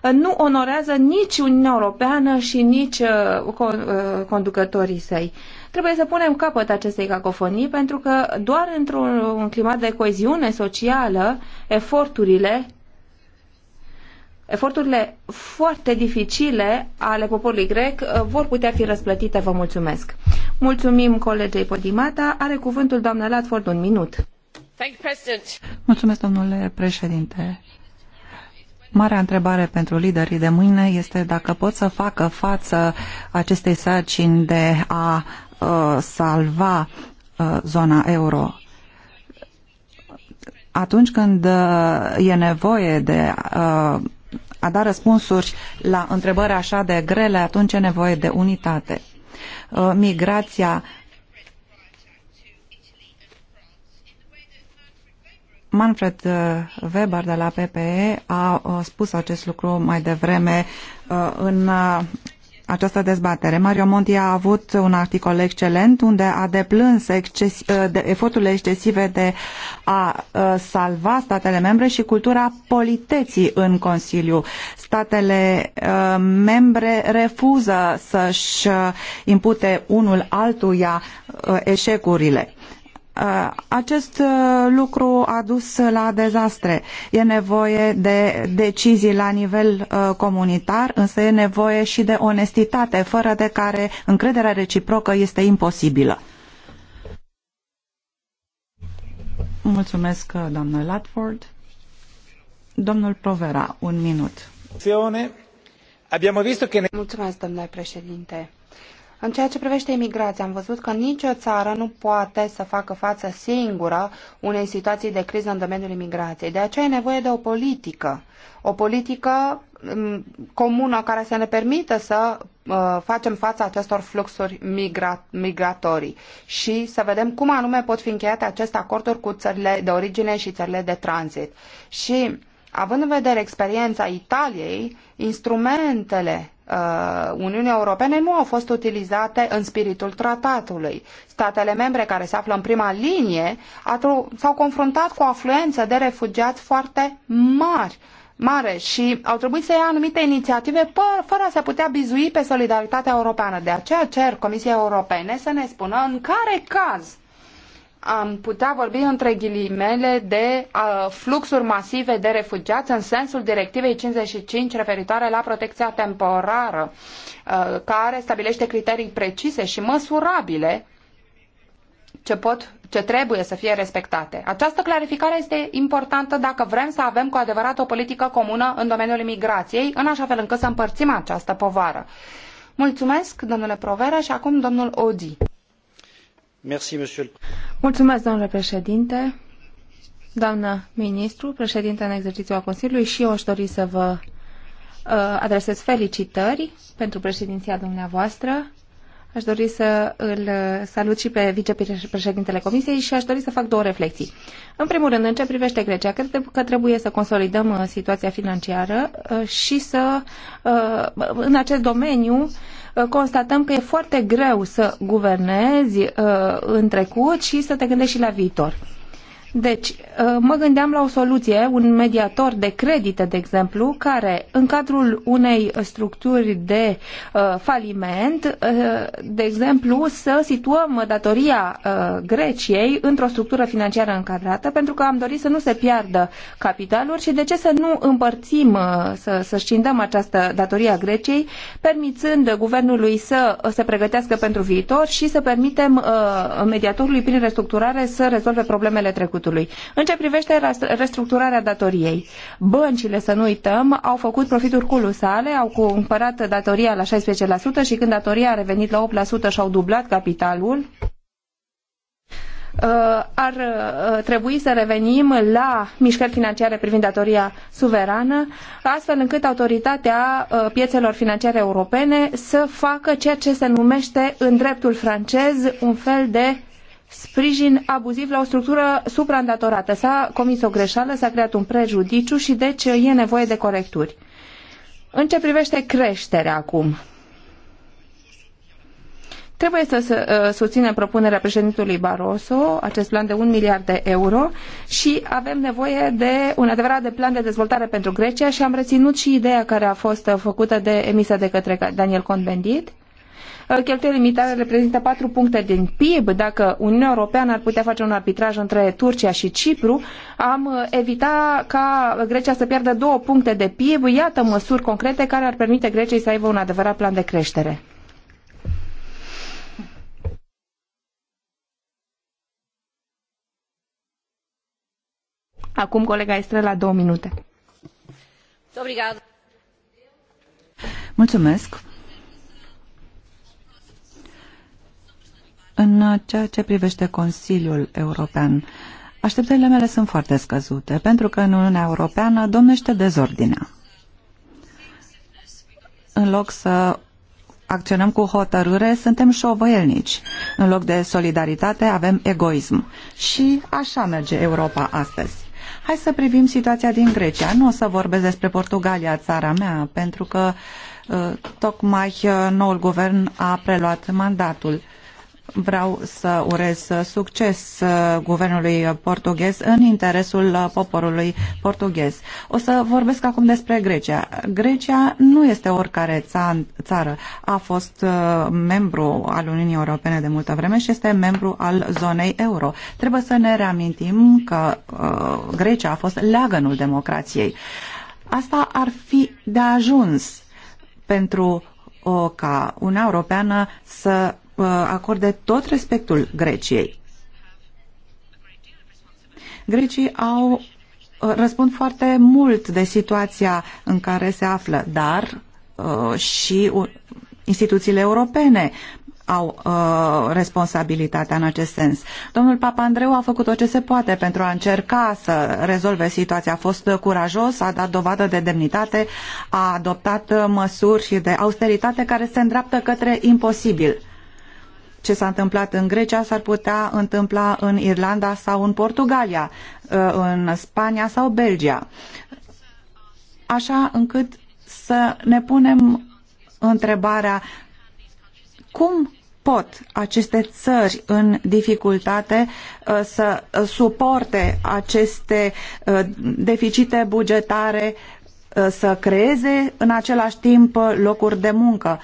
uh, nu onorează nici Uniunea Europeană și nici uh, uh, conducătorii săi. Trebuie să punem capăt acestei cacofonii pentru că doar într-un climat de coeziune socială, eforturile eforturile foarte dificile ale poporului grec vor putea fi răsplătite. Vă mulțumesc. Mulțumim colegei Podimata. Are cuvântul doamna Latford un minut. Mulțumesc, domnule președinte. Marea întrebare pentru liderii de mâine este dacă pot să facă față acestei sarcini de a uh, salva uh, zona euro atunci când uh, e nevoie de uh, a da răspunsuri la întrebări așa de grele, atunci e nevoie de unitate. Uh, migrația Manfred uh, Weber de la PPE a uh, spus acest lucru mai devreme uh, în această dezbatere. Mario Monti a avut un articol excelent unde a deplâns exces, de, eforturile excesive de a, salva statele membre și cultura politeții în Consiliu. Statele membre refuză să-și impute unul altuia eșecurile Uh, acest uh, lucru a dus la dezastre. E nevoie de decizii la nivel uh, comunitar, însă e nevoie și de onestitate, fără de care încrederea reciprocă este imposibilă. Mulțumesc, doamnă Latford. Domnul Provera, un minut. Mulțumesc, domnule președinte. În ceea ce privește imigrația, am văzut că nicio țară nu poate să facă față singură unei situații de criză în domeniul imigrației. De aceea e nevoie de o politică. O politică mm, comună care să ne permită să uh, facem față acestor fluxuri migra migratorii și să vedem cum anume pot fi încheiate aceste acorduri cu țările de origine și țările de tranzit. Și având în vedere experiența Italiei, instrumentele Uh, Uniunii Europene nu au fost utilizate în spiritul tratatului. Statele membre care se află în prima linie s-au confruntat cu o afluență de refugiați foarte mari mare și au trebuit să ia anumite inițiative fără a se putea bizui pe solidaritatea europeană. De aceea cer Comisiei Europene să ne spună în care caz am putea vorbi între ghilimele de uh, fluxuri masive de refugiați în sensul directivei 55 referitoare la protecția temporară, uh, care stabilește criterii precise și măsurabile ce, pot, ce trebuie să fie respectate. Această clarificare este importantă dacă vrem să avem cu adevărat o politică comună în domeniul imigrației, în așa fel încât să împărțim această povară. Mulțumesc, domnule Provera, și acum domnul Odi domnule președinte, doamnă ministru, președinte în exercițiu al Consiliului și eu aș dori să vă uh, adresez felicitări pentru președinția dumneavoastră. Aș dori să îl salut și pe vicepreședintele Comisiei și aș dori să fac două reflexii. În primul rând, în ce privește Grecia, cred că trebuie să consolidăm uh, situația financiară uh, și să, uh, în acest domeniu, constatăm că e foarte greu să guvernezi în trecut și să te gândești și la viitor. Deci, uh, mă gândeam la o soluție, un mediator de credite, de exemplu, care, în cadrul unei structuri de uh, faliment, uh, de exemplu, să situăm datoria uh, Greciei într-o structură financiară încadrată, pentru că am dorit să nu se piardă capitalul și de ce să nu împărțim, uh, să, să scindăm această datorie a Greciei, permițând guvernului să uh, se pregătească pentru viitor și să permitem mediatorului prin restructurare să rezolve problemele trecute statutului. În ce privește restructurarea datoriei, băncile, să nu uităm, au făcut profituri colosale, au cumpărat datoria la 16% și când datoria a revenit la 8% și-au dublat capitalul uh, ar uh, trebui să revenim la mișcări financiare privind datoria suverană, astfel încât autoritatea uh, piețelor financiare europene să facă ceea ce se numește în dreptul francez un fel de sprijin abuziv la o structură supraîndatorată. S-a comis o greșeală, s-a creat un prejudiciu și deci e nevoie de corecturi. În ce privește creșterea acum, Trebuie să uh, susținem propunerea președintelui Barroso, acest plan de un miliard de euro și avem nevoie de un adevărat de plan de dezvoltare pentru Grecia și am reținut și ideea care a fost uh, făcută de emisă de către Daniel Cohn-Bendit Uh, cheltuielile militare reprezintă patru puncte din PIB. Dacă Uniunea Europeană ar putea face un arbitraj între Turcia și Cipru, am uh, evita ca Grecia să piardă două puncte de PIB. Iată măsuri concrete care ar permite Greciei să aibă un adevărat plan de creștere. Acum colega la două minute. Mulțumesc. În ceea ce privește Consiliul European, așteptările mele sunt foarte scăzute, pentru că în Uniunea Europeană domnește dezordinea. În loc să acționăm cu hotărâre, suntem șovăielnici. În loc de solidaritate, avem egoism. Și așa merge Europa astăzi. Hai să privim situația din Grecia. Nu o să vorbesc despre Portugalia, țara mea, pentru că uh, tocmai uh, noul guvern a preluat mandatul. Vreau să urez succes uh, guvernului portughez în interesul uh, poporului portughez. O să vorbesc acum despre Grecia. Grecia nu este oricare țară. A fost uh, membru al Uniunii Europene de multă vreme și este membru al zonei euro. Trebuie să ne reamintim că Grecia a fost leagănul democrației. Asta ar fi de ajuns pentru o, ca Uniunea Europeană să Uh, acorde tot respectul Greciei. Grecii au uh, răspund foarte mult de situația în care se află, dar uh, și instituțiile europene au uh, responsabilitatea în acest sens. Domnul Papandreu a făcut tot ce se poate pentru a încerca să rezolve situația. A fost curajos, a dat dovadă de demnitate, a adoptat măsuri de austeritate care se îndreaptă către imposibil ce s-a întâmplat în Grecia s-ar putea întâmpla în Irlanda sau în Portugalia, ă, în Spania sau Belgia. Așa încât să ne punem întrebarea cum pot aceste țări în dificultate ă, să suporte aceste ă, deficite bugetare, să creeze în același timp locuri de muncă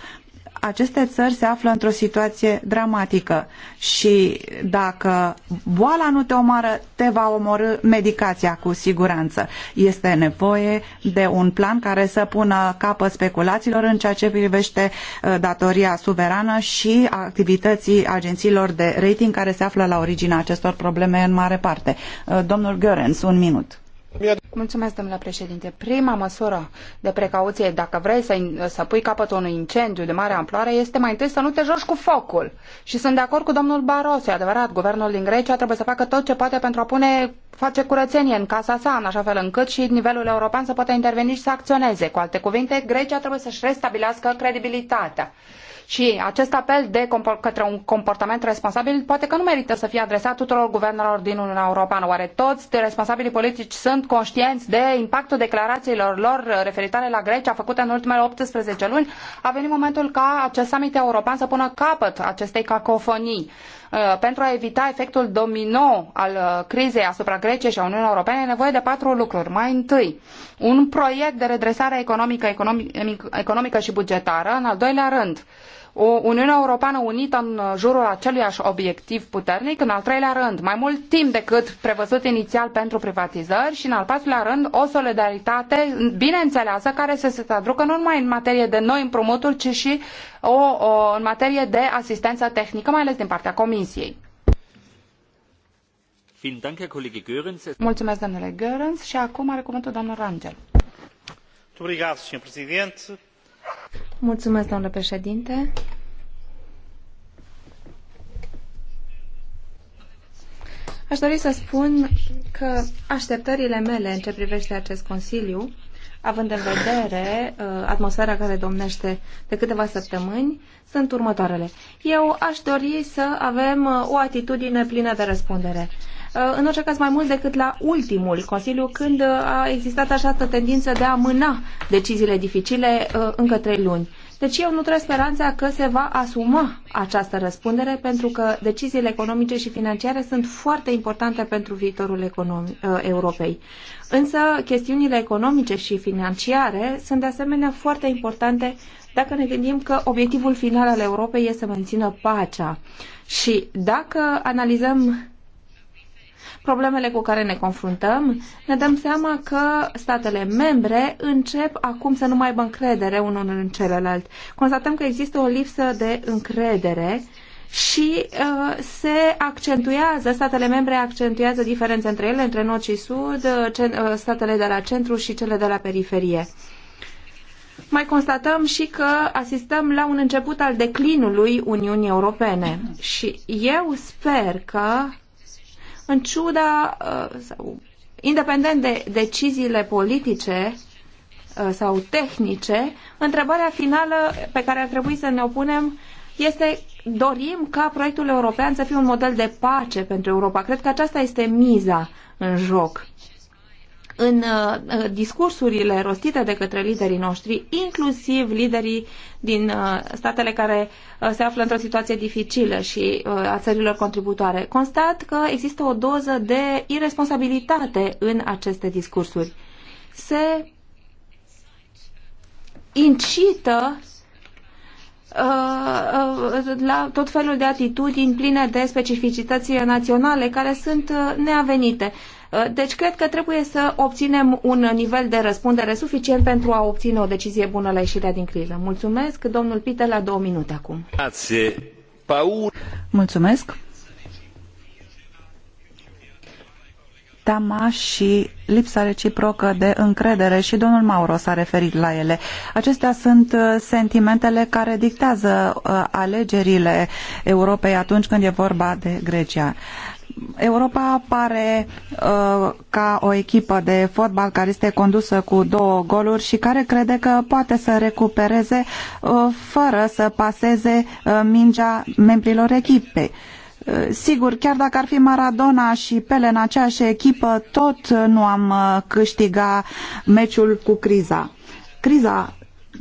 aceste țări se află într-o situație dramatică și dacă boala nu te omoară, te va omorâ medicația cu siguranță. Este nevoie de un plan care să pună capăt speculațiilor în ceea ce privește uh, datoria suverană și activității agențiilor de rating care se află la originea acestor probleme în mare parte. Uh, domnul Görens, un minut. Prima măsură de precauție, dacă vrei să, să pui capăt unui incendiu de mare amploare, este mai întâi să nu te joci cu focul. Și sunt de acord cu domnul Barroso, e adevărat, guvernul din Grecia trebuie să facă tot ce poate pentru a pune, face curățenie în casa sa, în așa fel încât și nivelul european să poată interveni și să acționeze. Cu alte cuvinte, Grecia trebuie să-și restabilească credibilitatea. Și acest apel de către un comportament responsabil poate că nu merită să fie adresat tuturor guvernelor din Uniunea Europeană. Oare toți responsabilii politici sunt conștienți de impactul declarațiilor lor referitoare la Grecia făcute în ultimele 18 luni? A venit momentul ca acest summit european să pună capăt acestei cacofonii uh, pentru a evita efectul domino al uh, crizei asupra Greciei și a Uniunii Europene, e nevoie de patru lucruri. Mai întâi, un proiect de redresare economică, economic, economică și bugetară. În al doilea rând, o Uniune Europeană unită în uh, jurul aceluiași obiectiv puternic, în al treilea rând, mai mult timp decât prevăzut inițial pentru privatizări și, în al patrulea rând, o solidaritate bineînțeleasă care să se traducă nu numai în materie de noi împrumuturi, ci și o, o, în materie de asistență tehnică, mai ales din partea Comisiei. Mulțumesc, domnule Görens. Și acum are cuvântul doamna Rangel. Obrigado, Sr. Presidente. Mulțumesc, domnule președinte. Aș dori să spun că așteptările mele în ce privește acest Consiliu, având în vedere uh, atmosfera care domnește de câteva săptămâni, sunt următoarele. Eu aș dori să avem uh, o atitudine plină de răspundere. Uh, Uh, în orice caz mai mult decât la ultimul Consiliu, când uh, a existat așa tendință de a mâna deciziile dificile uh, încă trei luni. Deci eu nu trăiesc speranța că se va asuma această răspundere, pentru că deciziile economice și financiare sunt foarte importante pentru viitorul economi- Europei. Însă chestiunile economice și financiare sunt de asemenea foarte importante dacă ne gândim că obiectivul final al Europei este să mențină pacea. Și dacă analizăm problemele cu care ne confruntăm, ne dăm seama că statele membre încep acum să nu mai aibă încredere unul în celălalt. Constatăm că există o lipsă de încredere și uh, se accentuează, statele membre accentuează diferențe între ele, între nord și sud, uh, uh, statele de la centru și cele de la periferie. Mai constatăm și că asistăm la un început al declinului Uniunii Europene și eu sper că în ciuda uh, sau independent de deciziile politice uh, sau tehnice, întrebarea finală pe care ar trebui să ne opunem este dorim ca proiectul european să fie un model de pace pentru Europa. Cred că aceasta este miza în joc în uh, discursurile rostite de către liderii noștri, inclusiv liderii din uh, statele care uh, se află într-o situație dificilă și a țărilor contributoare, constat că există o doză de irresponsabilitate în aceste discursuri. Se incită la tot felul de atitudini pline de specificității naționale care sunt neavenite. Uh, deci cred că trebuie să obținem un nivel de răspundere suficient pentru a obține o decizie bună la ieșirea din criză. Mulțumesc, domnul Pite, la două minute acum. Mulțumesc. teama și lipsa reciprocă de încredere și domnul Mauro s-a referit la ele. Acestea sunt uh, sentimentele care dictează uh, alegerile Europei atunci când e vorba de Grecia. Europa pare uh, ca o echipă de fotbal care este condusă cu două goluri și care crede că poate să recupereze uh, fără să paseze uh, mingea membrilor echipei. Uh, sigur, chiar dacă ar fi Maradona și Pele în aceeași echipă, tot nu am uh, câștiga meciul cu criza. Criza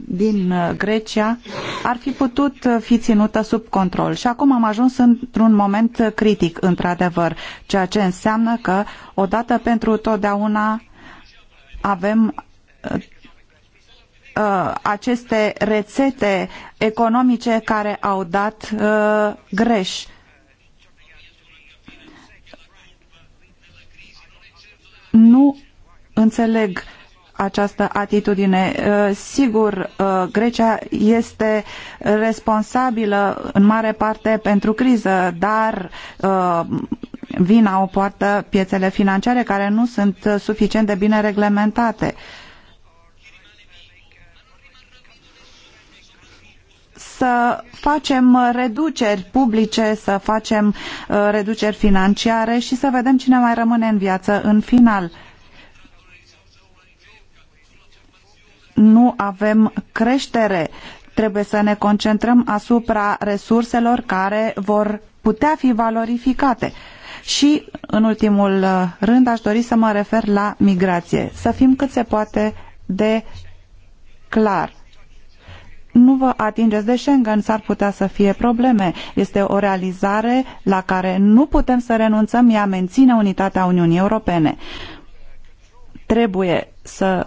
din uh, Grecia ar fi putut uh, fi ținută sub control. Și acum am ajuns într-un moment critic, într-adevăr, ceea ce înseamnă că odată pentru totdeauna avem uh, aceste rețete economice care au dat uh, greș. Nu înțeleg uh, această atitudine. Uh, sigur, uh, Grecia este responsabilă în mare parte pentru criză, dar uh, vina o poartă piețele financiare care nu sunt suficient de bine reglementate. să facem reduceri publice, să facem reduceri financiare și să vedem cine mai rămâne în viață în final. nu avem creștere. Trebuie să ne concentrăm asupra resurselor care vor putea fi valorificate. Și, în ultimul uh, rând, aș dori să mă refer la migrație. Să fim cât se poate de clar. Nu vă atingeți de Schengen, s-ar putea să fie probleme. Este o realizare la care nu putem să renunțăm, ea menține unitatea Uniunii Europene. Trebuie să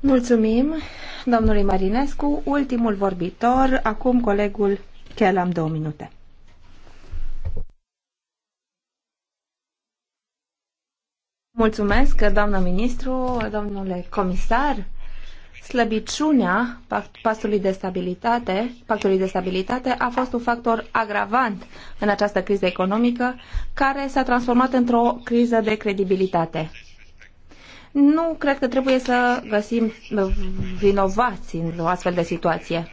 Mulțumim, domnului Marinescu. Ultimul vorbitor, acum colegul Chelam, două minute. Mulțumesc, doamnă ministru, domnule comisar. Slăbiciunea pactului de stabilitate, pactului de stabilitate a fost un factor agravant în această criză economică care s-a transformat într-o criză de credibilitate. Nu cred că trebuie să găsim uh, vinovați în o astfel de situație.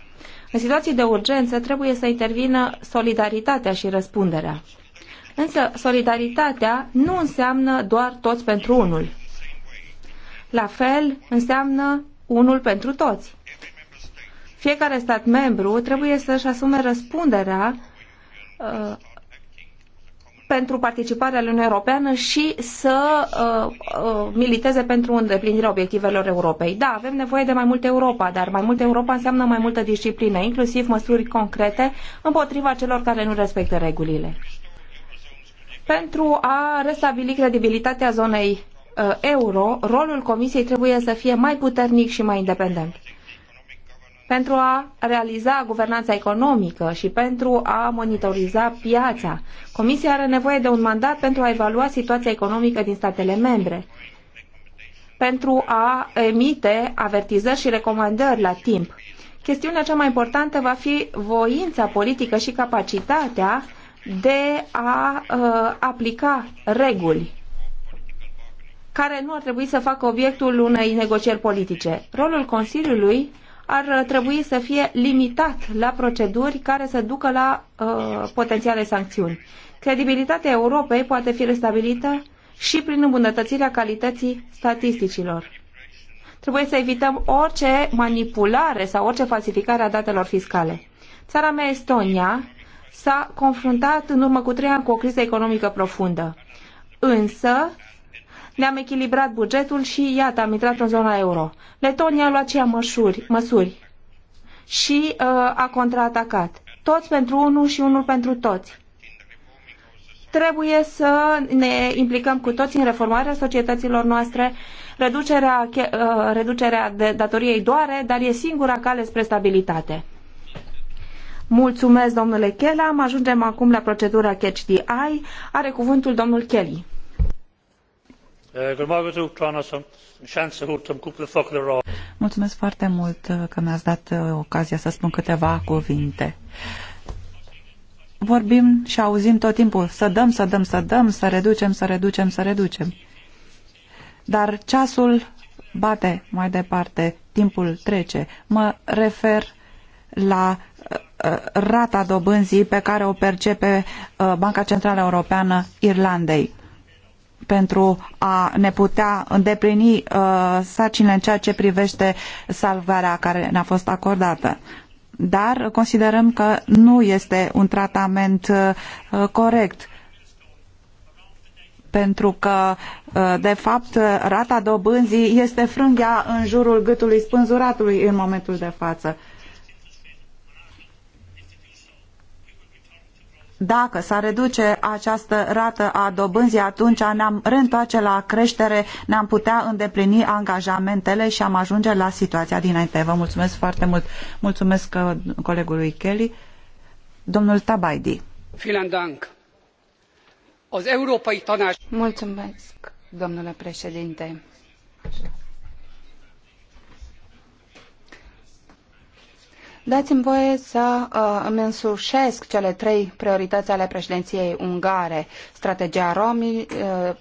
În situații de urgență trebuie să intervină solidaritatea și răspunderea. Însă solidaritatea nu înseamnă doar toți pentru unul. La fel înseamnă unul pentru toți. Fiecare stat membru trebuie să-și asume răspunderea uh, pentru participarea la Uniunea Europeană și să uh, uh, militeze pentru îndeplinirea obiectivelor Europei. Da, avem nevoie de mai multă Europa, dar mai multă Europa înseamnă mai multă disciplină, inclusiv măsuri concrete împotriva celor care nu respectă regulile. Pentru a restabili credibilitatea zonei uh, euro, rolul Comisiei trebuie să fie mai puternic și mai independent pentru a realiza guvernanța economică și pentru a monitoriza piața. Comisia are nevoie de un mandat pentru a evalua situația economică din statele membre, pentru a emite avertizări și recomandări la timp. Chestiunea cea mai importantă va fi voința politică și capacitatea de a uh, aplica reguli care nu ar trebui să facă obiectul unei negocieri politice. Rolul Consiliului ar trebui să fie limitat la proceduri care să ducă la uh, potențiale sancțiuni. Credibilitatea Europei poate fi restabilită și prin îmbunătățirea calității statisticilor. Trebuie să evităm orice manipulare sau orice falsificare a datelor fiscale. Țara mea, Estonia, s-a confruntat în urmă cu trei ani cu o criză economică profundă. Însă, ne-am echilibrat bugetul și iată, am intrat în zona euro. Letonia a luat și măsuri, măsuri și uh, a contraatacat. Toți pentru unul și unul pentru toți. Trebuie să ne implicăm cu toți în reformarea societăților noastre. Reducerea, uh, reducerea de datoriei doare, dar e singura cale spre stabilitate. Mulțumesc, domnule Chela. Ajungem acum la procedura Catch the Eye. Are cuvântul domnul Kelly. Mulțumesc foarte mult că mi-ați dat uh, ocazia să spun câteva cuvinte. Vorbim și auzim tot timpul să dăm, să dăm, să dăm, să reducem, să reducem, să reducem. Dar ceasul bate mai departe, timpul trece. Mă refer la uh, uh, rata dobânzii pe care o percepe Banca Centrală Europeană Irlandei pentru a ne putea îndeplini uh, sarcinile în ceea ce privește salvarea care ne-a fost acordată. Dar considerăm că nu este un tratament uh, corect pentru că, uh, de fapt, rata dobânzii este frânghia în jurul gâtului spânzuratului în momentul de față. Dacă s-ar reduce această rată a dobânzii, atunci ne-am reîntoarce la creștere, ne-am putea îndeplini angajamentele și am ajunge la situația dinainte. Vă mulțumesc foarte mult. Mulțumesc uh, colegului Kelly. Domnul Tabaidi. Mulțumesc, domnule președinte Dați-mi voie să uh, îmi însușesc cele trei priorități ale președinției ungare. Strategia romi, uh,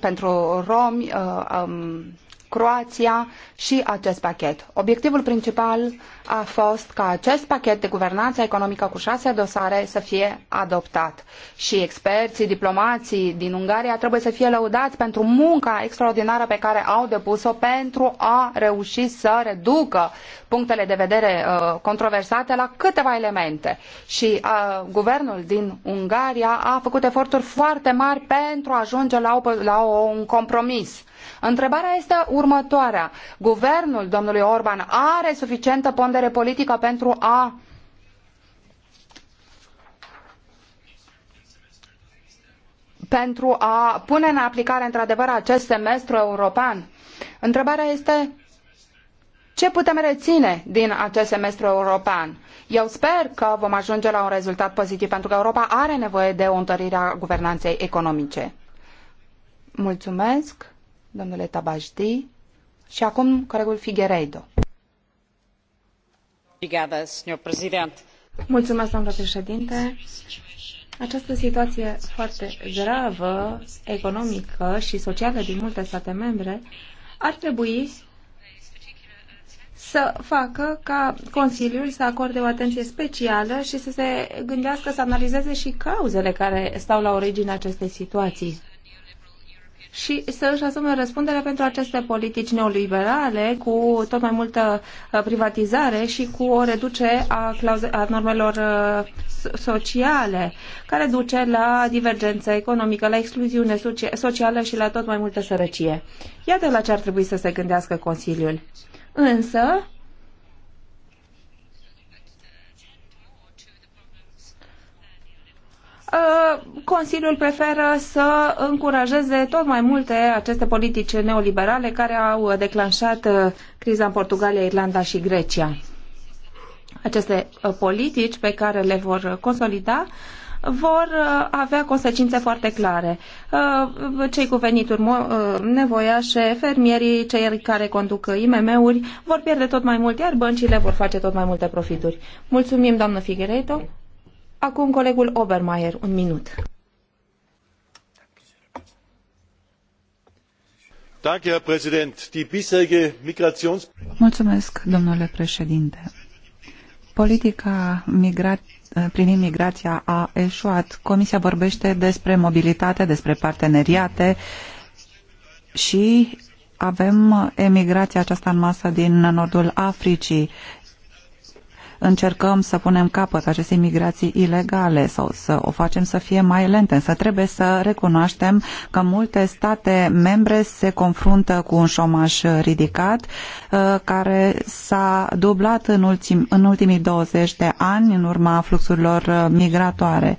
pentru romi, uh, um, Croația și acest pachet. Obiectivul principal a fost ca acest pachet de guvernanță economică cu șase dosare să fie adoptat. Și experții, diplomații din Ungaria trebuie să fie lăudați pentru munca extraordinară pe care au depus-o pentru a reuși să reducă punctele de vedere uh, controversate la câteva elemente. Și uh, guvernul din Ungaria a făcut eforturi foarte mari pentru a ajunge la, o, la o, un compromis Întrebarea este următoarea. Guvernul domnului Orban are suficientă pondere politică pentru a pentru a pune în aplicare într-adevăr acest semestru european? Întrebarea este ce putem reține din acest semestru european? Eu sper că vom ajunge la un rezultat pozitiv pentru că Europa are nevoie de o întărire a guvernanței economice. Mulțumesc domnule Tabajdi și acum colegul Figueiredo. Mulțumesc, domnule președinte. Această situație foarte gravă, economică și socială din multe state membre ar trebui să facă ca Consiliul să acorde o atenție specială și să se gândească să analizeze și cauzele care stau la originea acestei situații și să își asume răspunderea pentru aceste politici neoliberale cu tot mai multă uh, privatizare și cu o reducere a, clauze- a normelor uh, sociale, care duce la divergență economică, la excluziune socială și la tot mai multă sărăcie. Iată la ce ar trebui să se gândească Consiliul. Însă, Uh, Consiliul preferă să încurajeze tot mai multe aceste politici neoliberale care au declanșat uh, criza în Portugalia, Irlanda și Grecia. Aceste uh, politici pe care le vor consolida vor avea consecințe foarte clare. Cei cu venituri nevoiașe, fermierii, cei care conduc IMM-uri vor pierde tot mai mult, iar băncile vor face tot mai multe profituri. Mulțumim, doamnă Figueiredo. Acum colegul Obermeier, un minut. Mulțumesc, domnule președinte. Politica migrat prin imigrația a eșuat. Comisia vorbește despre mobilitate, despre parteneriate și avem emigrația aceasta în masă din nordul Africii încercăm să punem capăt acestei migrații ilegale sau să o facem să fie mai lente, însă trebuie să recunoaștem că multe state membre se confruntă cu un șomaj ridicat uh, care s-a dublat în, ultim, în ultimii 20 de ani în urma fluxurilor uh, migratoare.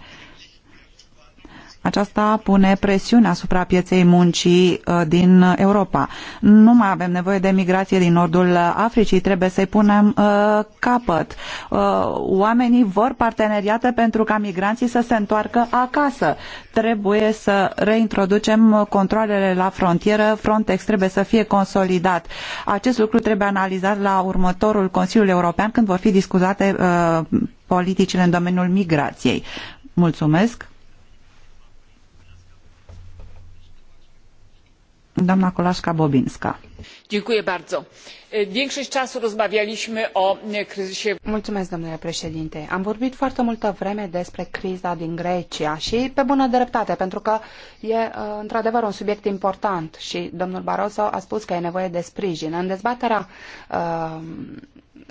Aceasta pune presiune asupra pieței muncii uh, din Europa. Nu mai avem nevoie de migrație din nordul Africii, trebuie să-i punem uh, capăt. Uh, oamenii vor parteneriate pentru ca migranții să se întoarcă acasă. Trebuie să reintroducem controlele la frontieră, Frontex trebuie să fie consolidat. Acest lucru trebuie analizat la următorul Consiliu European când vor fi discutate politicile în domeniul migrației. Mulțumesc! doamna Kolaszka Bobinska. Większość czasu rozmawialiśmy o kryzysie. Mulțumesc, domnule președinte. Am vorbit foarte multă vreme despre criza din Grecia și pe bună dreptate, pentru că e într-adevăr un subiect important și domnul Barroso a spus că e nevoie de sprijin. În dezbaterea uh,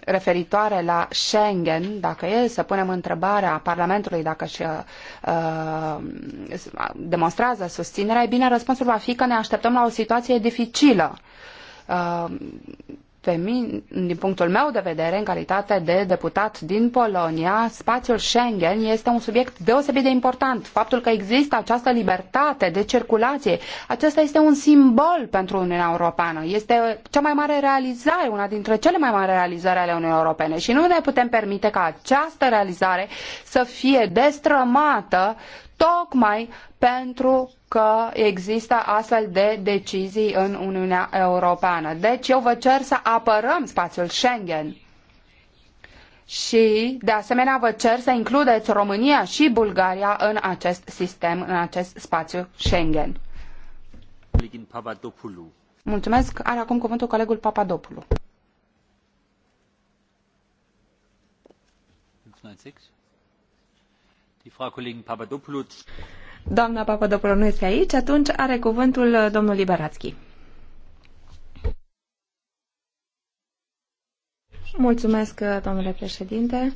referitoare la Schengen, dacă e să punem întrebarea Parlamentului dacă și uh, uh, demonstrează susținerea, e bine, răspunsul va fi că ne așteptăm la o situație dificilă. Uh, pe mine, din punctul meu de vedere, în calitate de deputat din Polonia, spațiul Schengen este un subiect deosebit de important. Faptul că există această libertate de circulație, acesta este un simbol pentru Uniunea Europeană. Este cea mai mare realizare, una dintre cele mai mari realizări ale Uniunii Europene și nu ne putem permite ca această realizare să fie destrămată tocmai pentru că există astfel de decizii în Uniunea Europeană. Deci eu vă cer să apărăm spațiul Schengen. Și, de asemenea, vă cer să includeți România și Bulgaria în acest sistem, în acest spațiu Schengen. Mulțumesc. Are acum cuvântul colegul Papadopoulou. Mulțumesc. Die Frau Kollegin Papadopoulou Doamna Papadopoulou nu este aici, atunci are cuvântul uh, domnul Liberațchi. Mulțumesc, uh, domnule președinte.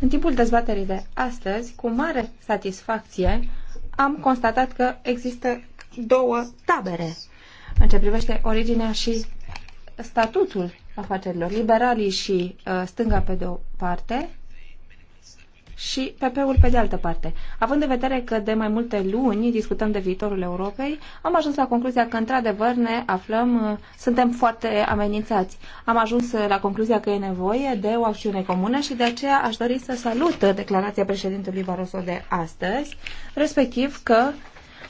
În timpul dezbaterii de astăzi, cu mare satisfacție, am constatat că există două tabere în ce privește originea și statutul afacerilor, liberalii și uh, stânga pe de o parte și PP-ul pe de altă parte. Având în vedere că de mai multe luni discutăm de viitorul Europei, am ajuns la concluzia că într-adevăr ne aflăm, uh, suntem foarte amenințați. Am ajuns uh, la concluzia că e nevoie de o acțiune comună și de aceea aș dori să salut uh, declarația președintelui Barroso de astăzi, respectiv că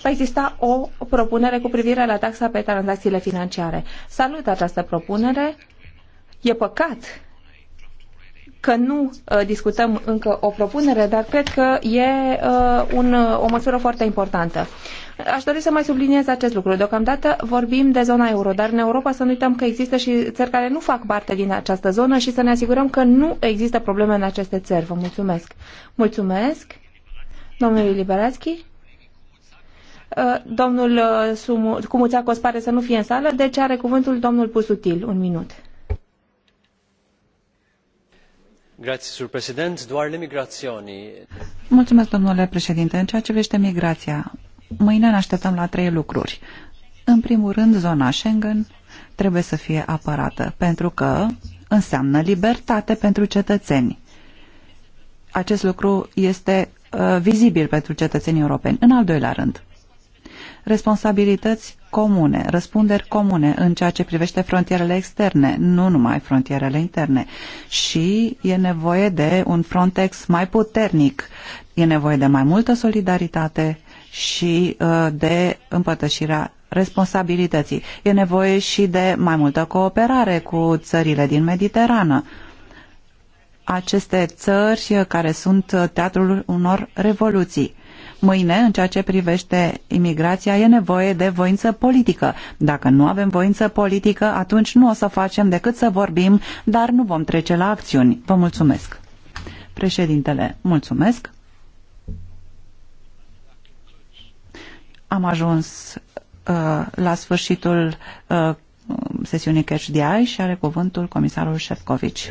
va exista o propunere cu privire la taxa pe tranzacțiile financiare. Salut această propunere. E păcat că nu uh, discutăm încă o propunere, dar cred că e uh, un, uh, o măsură foarte importantă. Aș dori să mai subliniez acest lucru. Deocamdată vorbim de zona euro, dar în Europa să nu uităm că există și țări care nu fac parte din această zonă și să ne asigurăm că nu există probleme în aceste țări. Vă mulțumesc. Mulțumesc. Domnului Liberațchi. Domnul Cumuțacos pare să nu fie în sală, deci are cuvântul domnul Pusutil. Un minut. Mulțumesc, domnule președinte. În ceea ce privește migrația, mâine ne așteptăm la trei lucruri. În primul rând, zona Schengen trebuie să fie apărată, pentru că înseamnă libertate pentru cetățeni. Acest lucru este uh, vizibil pentru cetățenii europeni. În al doilea rând, responsabilități comune, răspunderi comune în ceea ce privește frontierele externe, nu numai frontierele interne. Și e nevoie de un Frontex mai puternic, e nevoie de mai multă solidaritate și uh, de împărtășirea responsabilității. E nevoie și de mai multă cooperare cu țările din Mediterană aceste țări uh, care sunt uh, teatrul unor revoluții mâine în ceea ce privește imigrația e nevoie de voință politică. Dacă nu avem voință politică, atunci nu o să facem decât să vorbim, dar nu vom trece la acțiuni. Vă mulțumesc. Președintele, mulțumesc. Am ajuns uh, la sfârșitul uh, sesiunii Cash și are cuvântul comisarul Șefcovici.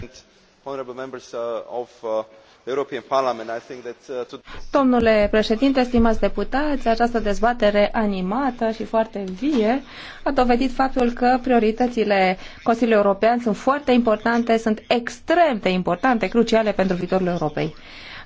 Uh, Domnule președinte, stimați deputați, această dezbatere animată și foarte vie a dovedit faptul că prioritățile Consiliului European sunt foarte importante, sunt extrem de importante, cruciale pentru viitorul Europei.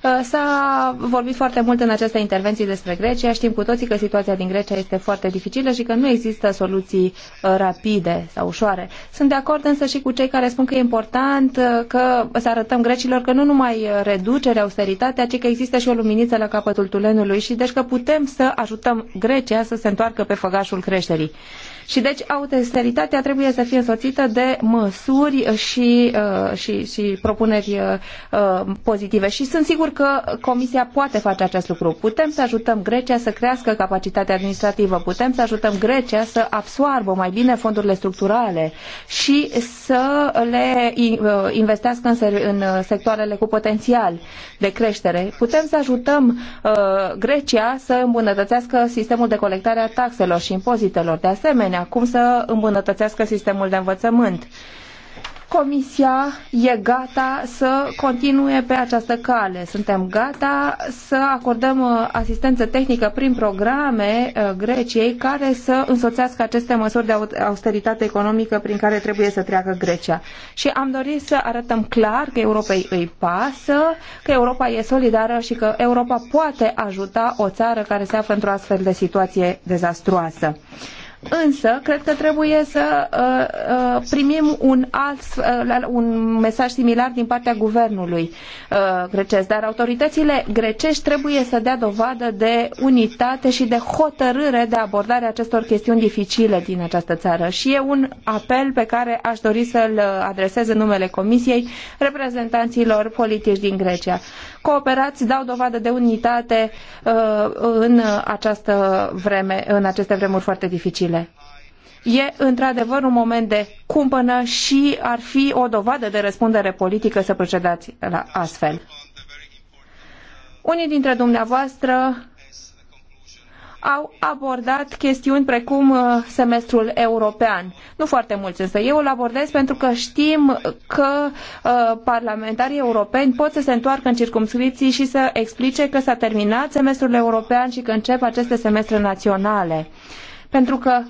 Uh, s-a vorbit foarte mult în această intervenție despre Grecia. Știm cu toții că situația din Grecia este foarte dificilă și că nu există soluții uh, rapide sau ușoare. Sunt de acord însă și cu cei care spun că e important uh, că să arătăm grecilor că nu numai reducerea, austeritatea, ci că există și o luminiță la capătul tulenului și deci că putem să ajutăm Grecia să se întoarcă pe făgașul creșterii. Și deci austeritatea trebuie să fie însoțită de măsuri și, uh, și, și propuneri uh, pozitive. Și sunt sigur că Comisia poate face acest lucru. Putem să ajutăm Grecia să crească capacitatea administrativă, putem să ajutăm Grecia să absoarbă mai bine fondurile structurale și să le uh, investească în, în sectoarele cu potențial de creștere. Putem să ajutăm uh, Grecia să îmbunătățească sistemul de colectare a taxelor și impozitelor. De asemenea, asemenea, cum să îmbunătățească sistemul de învățământ. Comisia e gata să continue pe această cale. Suntem gata să acordăm uh, asistență tehnică prin programe uh, Greciei care să însoțească aceste măsuri de austeritate economică prin care trebuie să treacă Grecia. Și am dorit să arătăm clar că Europei îi pasă, că Europa e solidară și că Europa poate ajuta o țară care se află într-o astfel de situație dezastruoasă. Însă, cred că trebuie să uh, uh, primim un, alt, uh, un mesaj similar din partea guvernului uh, grecesc. Dar autoritățile grecești trebuie să dea dovadă de unitate și de hotărâre de abordare a acestor chestiuni dificile din această țară. Și e un apel pe care aș dori să-l adresez în numele Comisiei reprezentanților politici din Grecia. Cooperați, dau dovadă de unitate uh, în, această vreme, în aceste vremuri foarte dificile ele. E într-adevăr un moment de cumpănă și ar fi o dovadă de răspundere politică să procedați la astfel. Unii dintre dumneavoastră au abordat chestiuni precum uh, semestrul european. Nu foarte mulți, însă eu îl abordez pentru că știm că uh, parlamentarii europeni pot să se întoarcă în circumscripții și să explice că s-a terminat semestrul european și că încep aceste semestre naționale. Uh, pentru că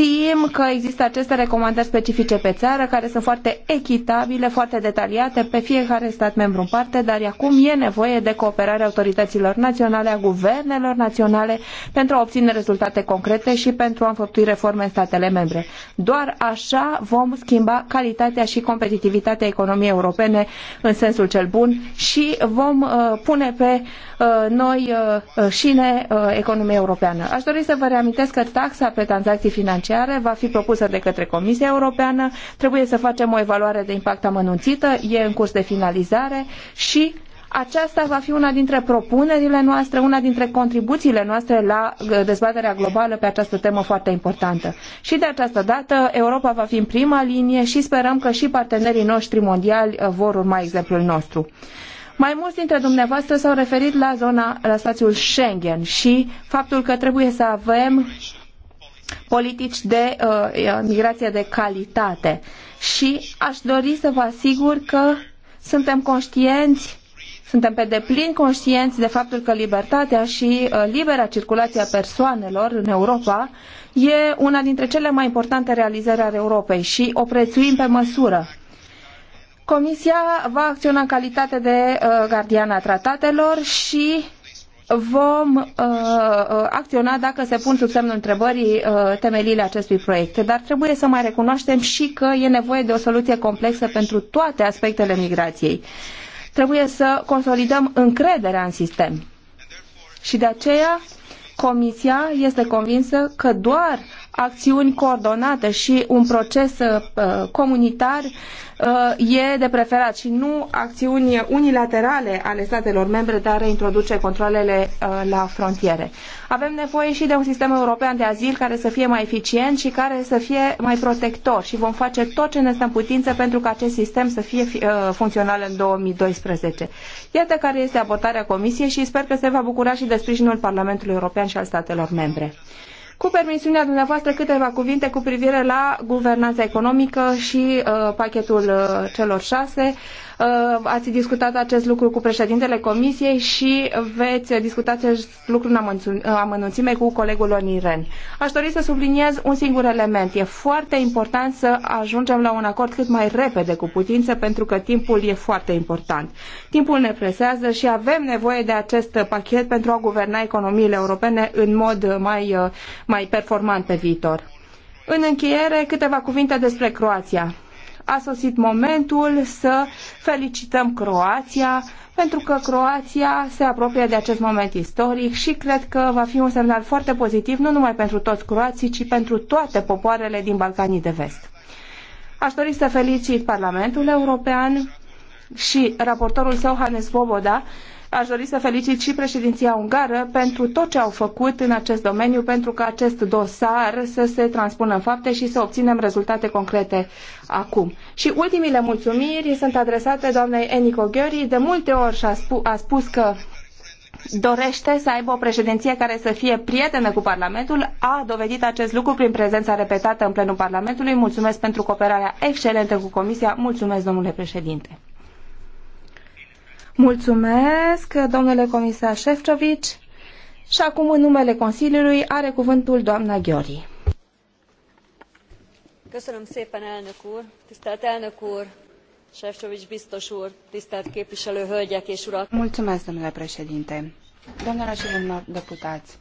Știm că există aceste recomandări specifice pe țară, care sunt foarte echitabile, foarte detaliate pe fiecare stat membru în parte, dar acum e nevoie de cooperarea autorităților naționale, a guvernelor naționale, pentru a obține rezultate concrete și pentru a înfăptui reforme în statele membre. Doar așa vom schimba calitatea și competitivitatea economiei europene în sensul cel bun și vom uh, pune pe uh, noi uh, șine uh, economia europeană. Aș dori să vă reamintesc că taxa pe tranzacții financiare financiare va fi propusă de către Comisia Europeană. Trebuie să facem o evaluare de impact amănunțită, e în curs de finalizare și aceasta va fi una dintre propunerile noastre, una dintre contribuțiile noastre la uh, dezbaterea globală pe această temă foarte importantă. Și de această dată Europa va fi în prima linie și sperăm că și partenerii noștri mondiali uh, vor urma exemplul nostru. Mai mulți dintre dumneavoastră s-au referit la zona, la spațiul Schengen și faptul că trebuie să avem politici de uh, migrație de calitate. Și aș dori să vă asigur că suntem conștienți suntem pe deplin conștienți de faptul că libertatea și uh, libera circulație a persoanelor în Europa e una dintre cele mai importante realizări ale Europei și o prețuim pe măsură. Comisia va acționa în calitate de uh, gardian a tratatelor și vom uh, uh, acționa dacă se pun sub semnul întrebării uh, temeliile acestui proiect. Dar trebuie să mai recunoaștem și că e nevoie de o soluție complexă pentru toate aspectele migrației. Trebuie să consolidăm încrederea în sistem. Și de aceea Comisia este convinsă că doar acțiuni coordonate și un proces uh, comunitar uh, e de preferat și nu acțiuni unilaterale ale statelor membre de a reintroduce controlele uh, la frontiere. Avem nevoie și de un sistem european de azil care să fie mai eficient și care să fie mai protector și vom face tot ce ne stă în putință pentru ca acest sistem să fie funcțional în 2012. Iată care este abordarea Comisiei și sper că se va bucura și de sprijinul Parlamentului European și al statelor membre. Cu permisiunea dumneavoastră, câteva cuvinte cu privire la guvernanța economică și uh, pachetul uh, celor șase. Uh, Uh, ați discutat acest lucru cu președintele Comisiei și veți discuta acest lucru în amănunțime cu colegul Oni Ren. Aș dori să subliniez un singur element. E foarte important să ajungem la un acord cât mai repede cu putință, pentru că timpul e foarte important. Timpul ne presează și avem nevoie de acest pachet pentru a guverna economiile europene în mod mai, uh, mai performant pe viitor. În încheiere, câteva cuvinte despre Croația a sosit momentul să felicităm Croația, pentru că Croația se apropie de acest moment istoric și cred că va fi un semnal foarte pozitiv, nu numai pentru toți croații, ci pentru toate popoarele din Balcanii de Vest. Aș dori să felicit Parlamentul European și raportorul său, Hannes Boboda, Aș dori să felicit și președinția ungară pentru tot ce au făcut în acest domeniu pentru ca acest dosar să se transpună în fapte și să obținem rezultate concrete acum. Și ultimile mulțumiri sunt adresate doamnei Eniko Gheori. De multe ori a, spu a spus că dorește să aibă o președinție care să fie prietenă cu Parlamentul, a dovedit acest lucru prin prezența repetată în plenul Parlamentului. Mulțumesc pentru cooperarea excelentă cu Comisia. Mulțumesc, domnule președinte. Mulțumesc, domnule comisar Șefcovici. Și acum, în numele Consiliului, are cuvântul doamna Ghiori. elnök úr, tisztelt elnök úr, biztos úr, tisztelt képviselő hölgyek és urak. Mulțumesc, domnule președinte. Doamnelor și domnilor deputați,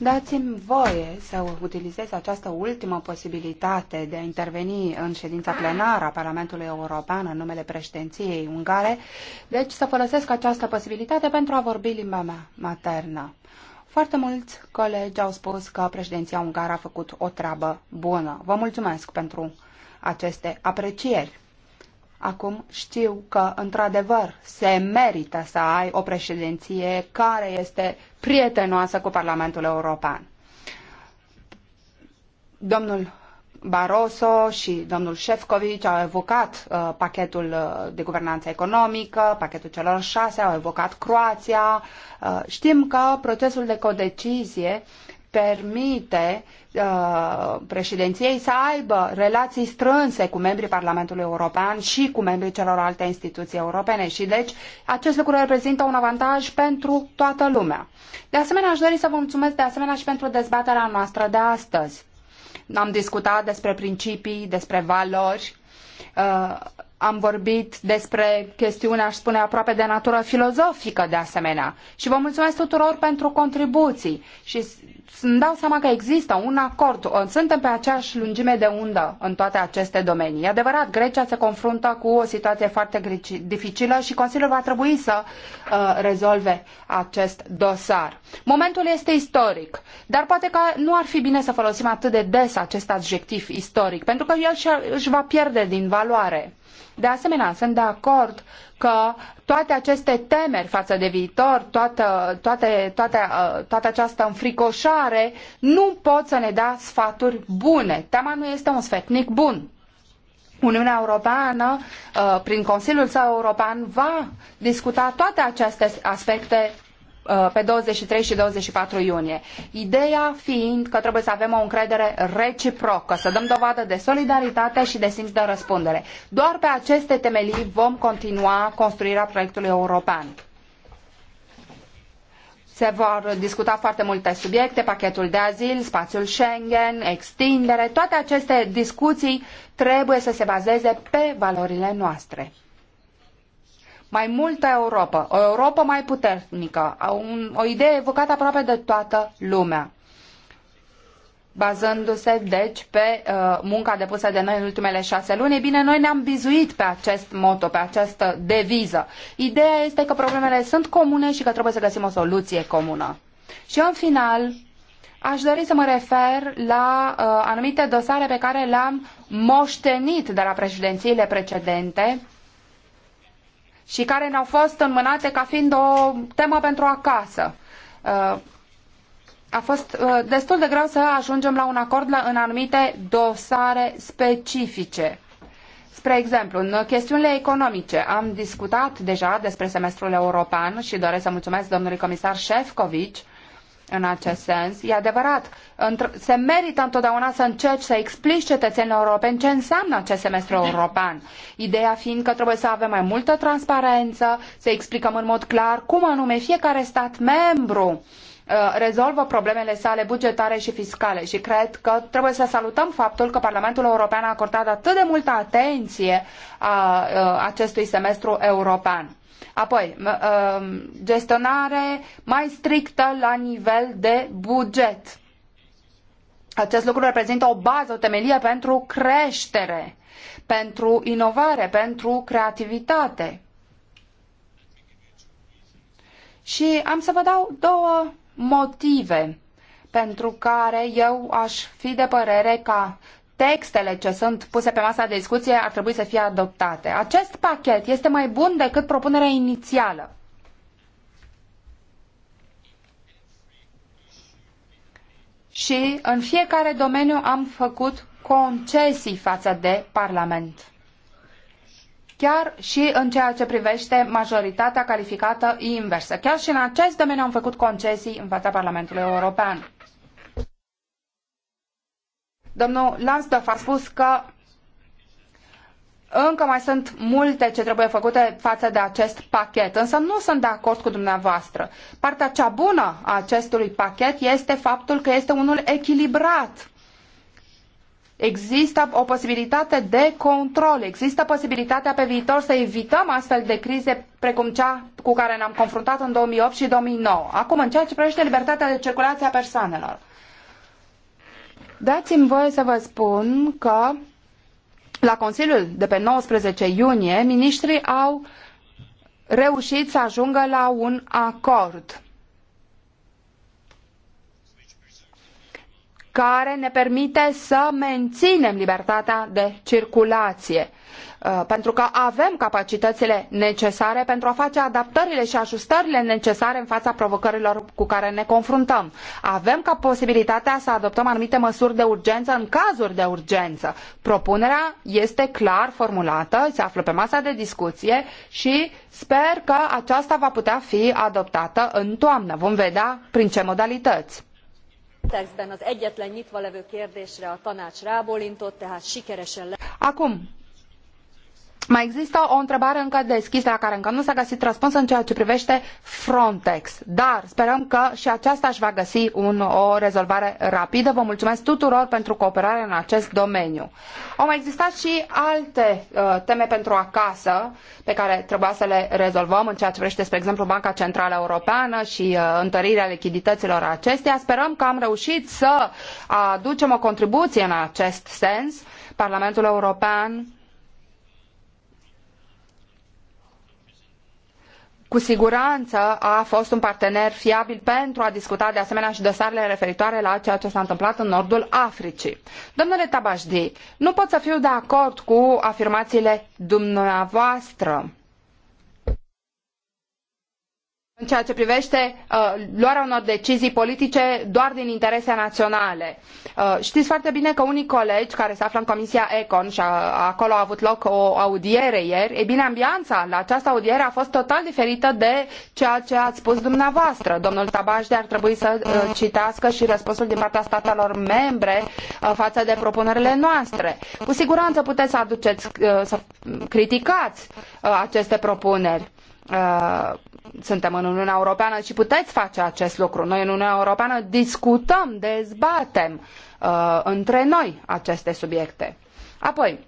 Dați-mi voie să utilizez această ultimă posibilitate de a interveni în ședința plenară a Parlamentului European în numele președinției ungare, deci să folosesc această posibilitate pentru a vorbi limba mea maternă. Foarte mulți colegi au spus că președinția ungară a făcut o treabă bună. Vă mulțumesc pentru aceste aprecieri. Acum știu că, într-adevăr, se merită să ai o președinție care este prietenoasă cu Parlamentul European. Domnul Barroso și domnul Șefcovici au evocat uh, pachetul uh, de guvernanță economică, pachetul celor șase, au evocat Croația. Uh, știm că procesul de codecizie permite uh, președinției să aibă relații strânse cu membrii Parlamentului European și cu membrii celor alte instituții europene și deci acest lucru reprezintă un avantaj pentru toată lumea. De asemenea, aș dori să vă mulțumesc de asemenea și pentru dezbaterea noastră de astăzi. Am discutat despre principii, despre valori, uh, am vorbit despre chestiunea aș spune, aproape de natură filozofică de asemenea. Și vă mulțumesc tuturor pentru contribuții și îmi dau seama că există un acord, suntem pe aceeași lungime de undă în toate aceste domenii. E adevărat, Grecia se confruntă cu o situație foarte dificilă și Consiliul va trebui să uh, rezolve acest dosar. Momentul este istoric, dar poate că nu ar fi bine să folosim atât de des acest adjectiv istoric, pentru că el își va pierde din valoare. De asemenea, sunt de acord că toate aceste temeri față de viitor, toată, toate, toate, uh, toată această înfricoșare, nu pot să ne dea sfaturi bune. Teama nu este un sfetnic bun. Uniunea Europeană, uh, prin Consiliul său european, va discuta toate aceste aspecte Uh, pe 23 și 24 iunie. Ideea fiind că trebuie să avem o încredere reciprocă, să dăm dovadă de solidaritate și de simț de răspundere. Doar pe aceste temelii vom continua construirea proiectului european. Se vor discuta foarte multe subiecte, pachetul de azil, spațiul Schengen, extindere. Toate aceste discuții trebuie să se bazeze pe valorile noastre mai multă Europa, o Europa mai puternică, un, o idee evocată aproape de toată lumea bazându-se, deci, pe uh, munca depusă de noi în ultimele șase luni. E bine, noi ne-am bizuit pe acest moto, pe această deviză. Ideea este că problemele sunt comune și că trebuie să găsim o soluție comună. Și, în final, aș dori să mă refer la uh, anumite dosare pe care le-am moștenit de la președințiile precedente, și care ne-au fost înmânate ca fiind o temă pentru acasă. Uh, a fost uh, destul de greu să ajungem la un acord la, în anumite dosare specifice. Spre exemplu, în chestiunile economice am discutat deja despre semestrul european și doresc să mulțumesc domnului comisar Șefcovici în acest sens. E adevărat, se merită întotdeauna să încerci să explici cetățenilor europeni ce înseamnă acest semestru european. Ideea fiind că trebuie să avem mai multă transparență, să explicăm în mod clar cum anume fiecare stat membru uh, Uh, rezolvă problemele sale bugetare și fiscale și cred că trebuie să salutăm faptul că Parlamentul European a acordat atât de multă atenție a uh, acestui semestru european. Apoi, uh, gestionare mai strictă la nivel de buget. Acest lucru reprezintă o bază, o temelie pentru creștere, pentru inovare, pentru creativitate. Și am să vă dau două motive pentru care eu aș fi de părere ca textele ce sunt puse pe masa de discuție ar trebui să fie adoptate. Acest pachet este mai bun decât propunerea inițială. Și în fiecare domeniu am făcut concesii față de Parlament chiar și în ceea ce privește majoritatea calificată inversă. Chiar și în acest domeniu am făcut concesii în fața Parlamentului European. Domnul Lansdorf a spus că încă mai sunt multe ce trebuie făcute față de acest pachet, însă nu sunt de acord cu dumneavoastră. Partea cea bună a acestui pachet este faptul că este unul echilibrat Există o posibilitate de control, există posibilitatea pe viitor să evităm astfel de crize precum cea cu care ne-am confruntat în 2008 și 2009. Acum, în ceea ce privește libertatea de circulație a persoanelor. Dați-mi voie să vă spun că la Consiliul de pe 19 iunie, ministrii au reușit să ajungă la un acord care ne permite să menținem libertatea de circulație. Uh, pentru că avem capacitățile necesare pentru a face adaptările și ajustările necesare în fața provocărilor cu care ne confruntăm. Avem ca posibilitatea să adoptăm anumite măsuri de urgență în cazuri de urgență. Propunerea este clar formulată, se află pe masa de discuție și sper că aceasta va putea fi adoptată în toamnă. Vom vedea prin ce modalități textben az egyetlen nyitva levő kérdésre a tanács rábólintott tehát sikeresen le. acum mai există o întrebare încă deschisă la care încă nu s-a găsit răspuns în ceea ce privește Frontex, dar sperăm că și aceasta își va găsi un, o rezolvare rapidă. Vă mulțumesc tuturor pentru cooperare în acest domeniu. Au mai existat și alte uh, teme pentru acasă pe care trebuia să le rezolvăm în ceea ce privește, spre exemplu, Banca Centrală Europeană și uh, întărirea lichidităților acesteia. Sperăm că am reușit să aducem o contribuție în acest sens. Parlamentul European cu siguranță a fost un partener fiabil pentru a discuta de asemenea și dosarele referitoare la ceea ce s-a întâmplat în nordul Africii. Domnule Tabajdi, nu pot să fiu de acord cu afirmațiile dumneavoastră în ceea ce privește uh, luarea unor decizii politice doar din interese naționale. Uh, știți foarte bine că unii colegi care se află în Comisia Econ și a, acolo a avut loc o audiere ieri, e bine, ambianța la această audiere a fost total diferită de ceea ce ați spus dumneavoastră. Domnul Tabajde ar trebui să uh, citească și răspunsul din partea statelor membre uh, față de propunerile noastre. Cu siguranță puteți să aduceți, uh, să criticați uh, aceste propuneri. Uh, suntem în Uniunea Europeană și puteți face acest lucru. Noi în Uniunea Europeană discutăm, dezbatem uh, între noi aceste subiecte. Apoi,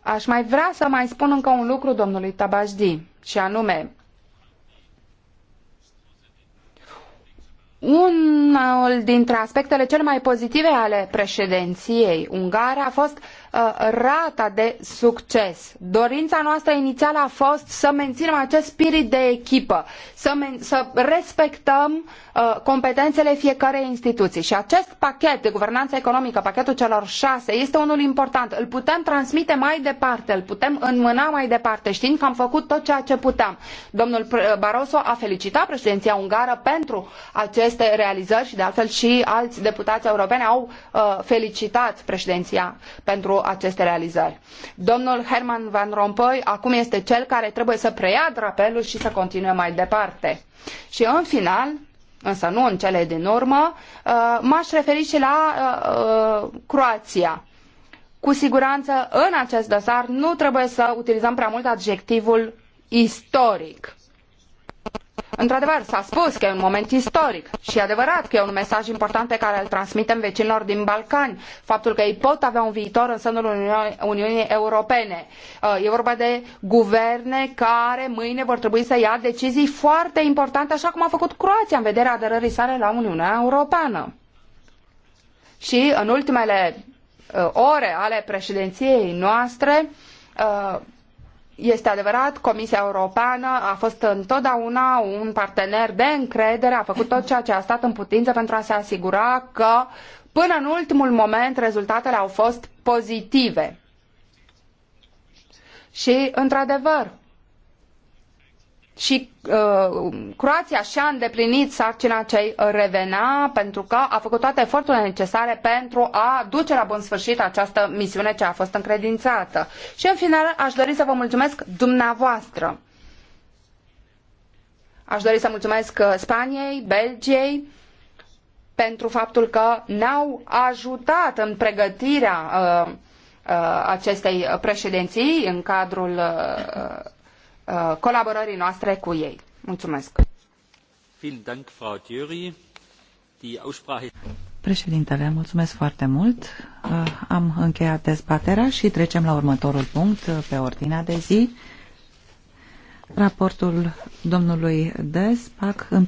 aș mai vrea să mai spun încă un lucru domnului Tabajdi, și anume, unul dintre aspectele cele mai pozitive ale președinției ungare a fost Uh, rata de succes. Dorința noastră inițială a fost să menținem acest spirit de echipă, să, să respectăm uh, competențele fiecarei instituții. Și acest pachet de guvernanță economică, pachetul celor șase, este unul important. Îl putem transmite mai departe, îl putem înmâna mai departe, știind că am făcut tot ceea ce puteam. Domnul uh, Barroso a felicitat președinția ungară pentru aceste realizări și de altfel și alți deputați europeni au uh, felicitat președinția pentru aceste realizări. Domnul Herman Van Rompuy acum este cel care trebuie să preia drapelul și să continue mai departe. Și în final, însă nu în cele din urmă, uh, m-aș referi și la uh, uh, Croația. Cu siguranță, în acest dosar, nu trebuie să utilizăm prea mult adjectivul istoric Într-adevăr, s-a spus că e un moment istoric și e adevărat că e un mesaj important pe care îl transmitem vecinilor din Balcani, faptul că ei pot avea un viitor în sânul Uniunii Europene. Uh, e vorba de guverne care mâine vor trebui să ia decizii foarte importante, așa cum a făcut Croația în vederea aderării sale la Uniunea Europeană. Și în ultimele uh, ore ale președinției noastre, uh, este adevărat, Comisia Europeană a fost întotdeauna un partener de încredere, a făcut tot ceea ce a stat în putință pentru a se asigura că până în ultimul moment rezultatele au fost pozitive. Și, într-adevăr, și uh, Croația și-a îndeplinit sarcina ce revenea pentru că a făcut toate eforturile necesare pentru a duce la bun sfârșit această misiune ce a fost încredințată. Și în final aș dori să vă mulțumesc dumneavoastră. Aș dori să mulțumesc uh, Spaniei, Belgiei, pentru faptul că ne-au ajutat în pregătirea uh, uh, acestei președinții în cadrul uh, Uh, colaborării noastre cu ei. Mulțumesc! Președintele, mulțumesc foarte mult. Uh, am încheiat dezbaterea și trecem la următorul punct uh, pe ordinea de zi. Raportul domnului Despac. în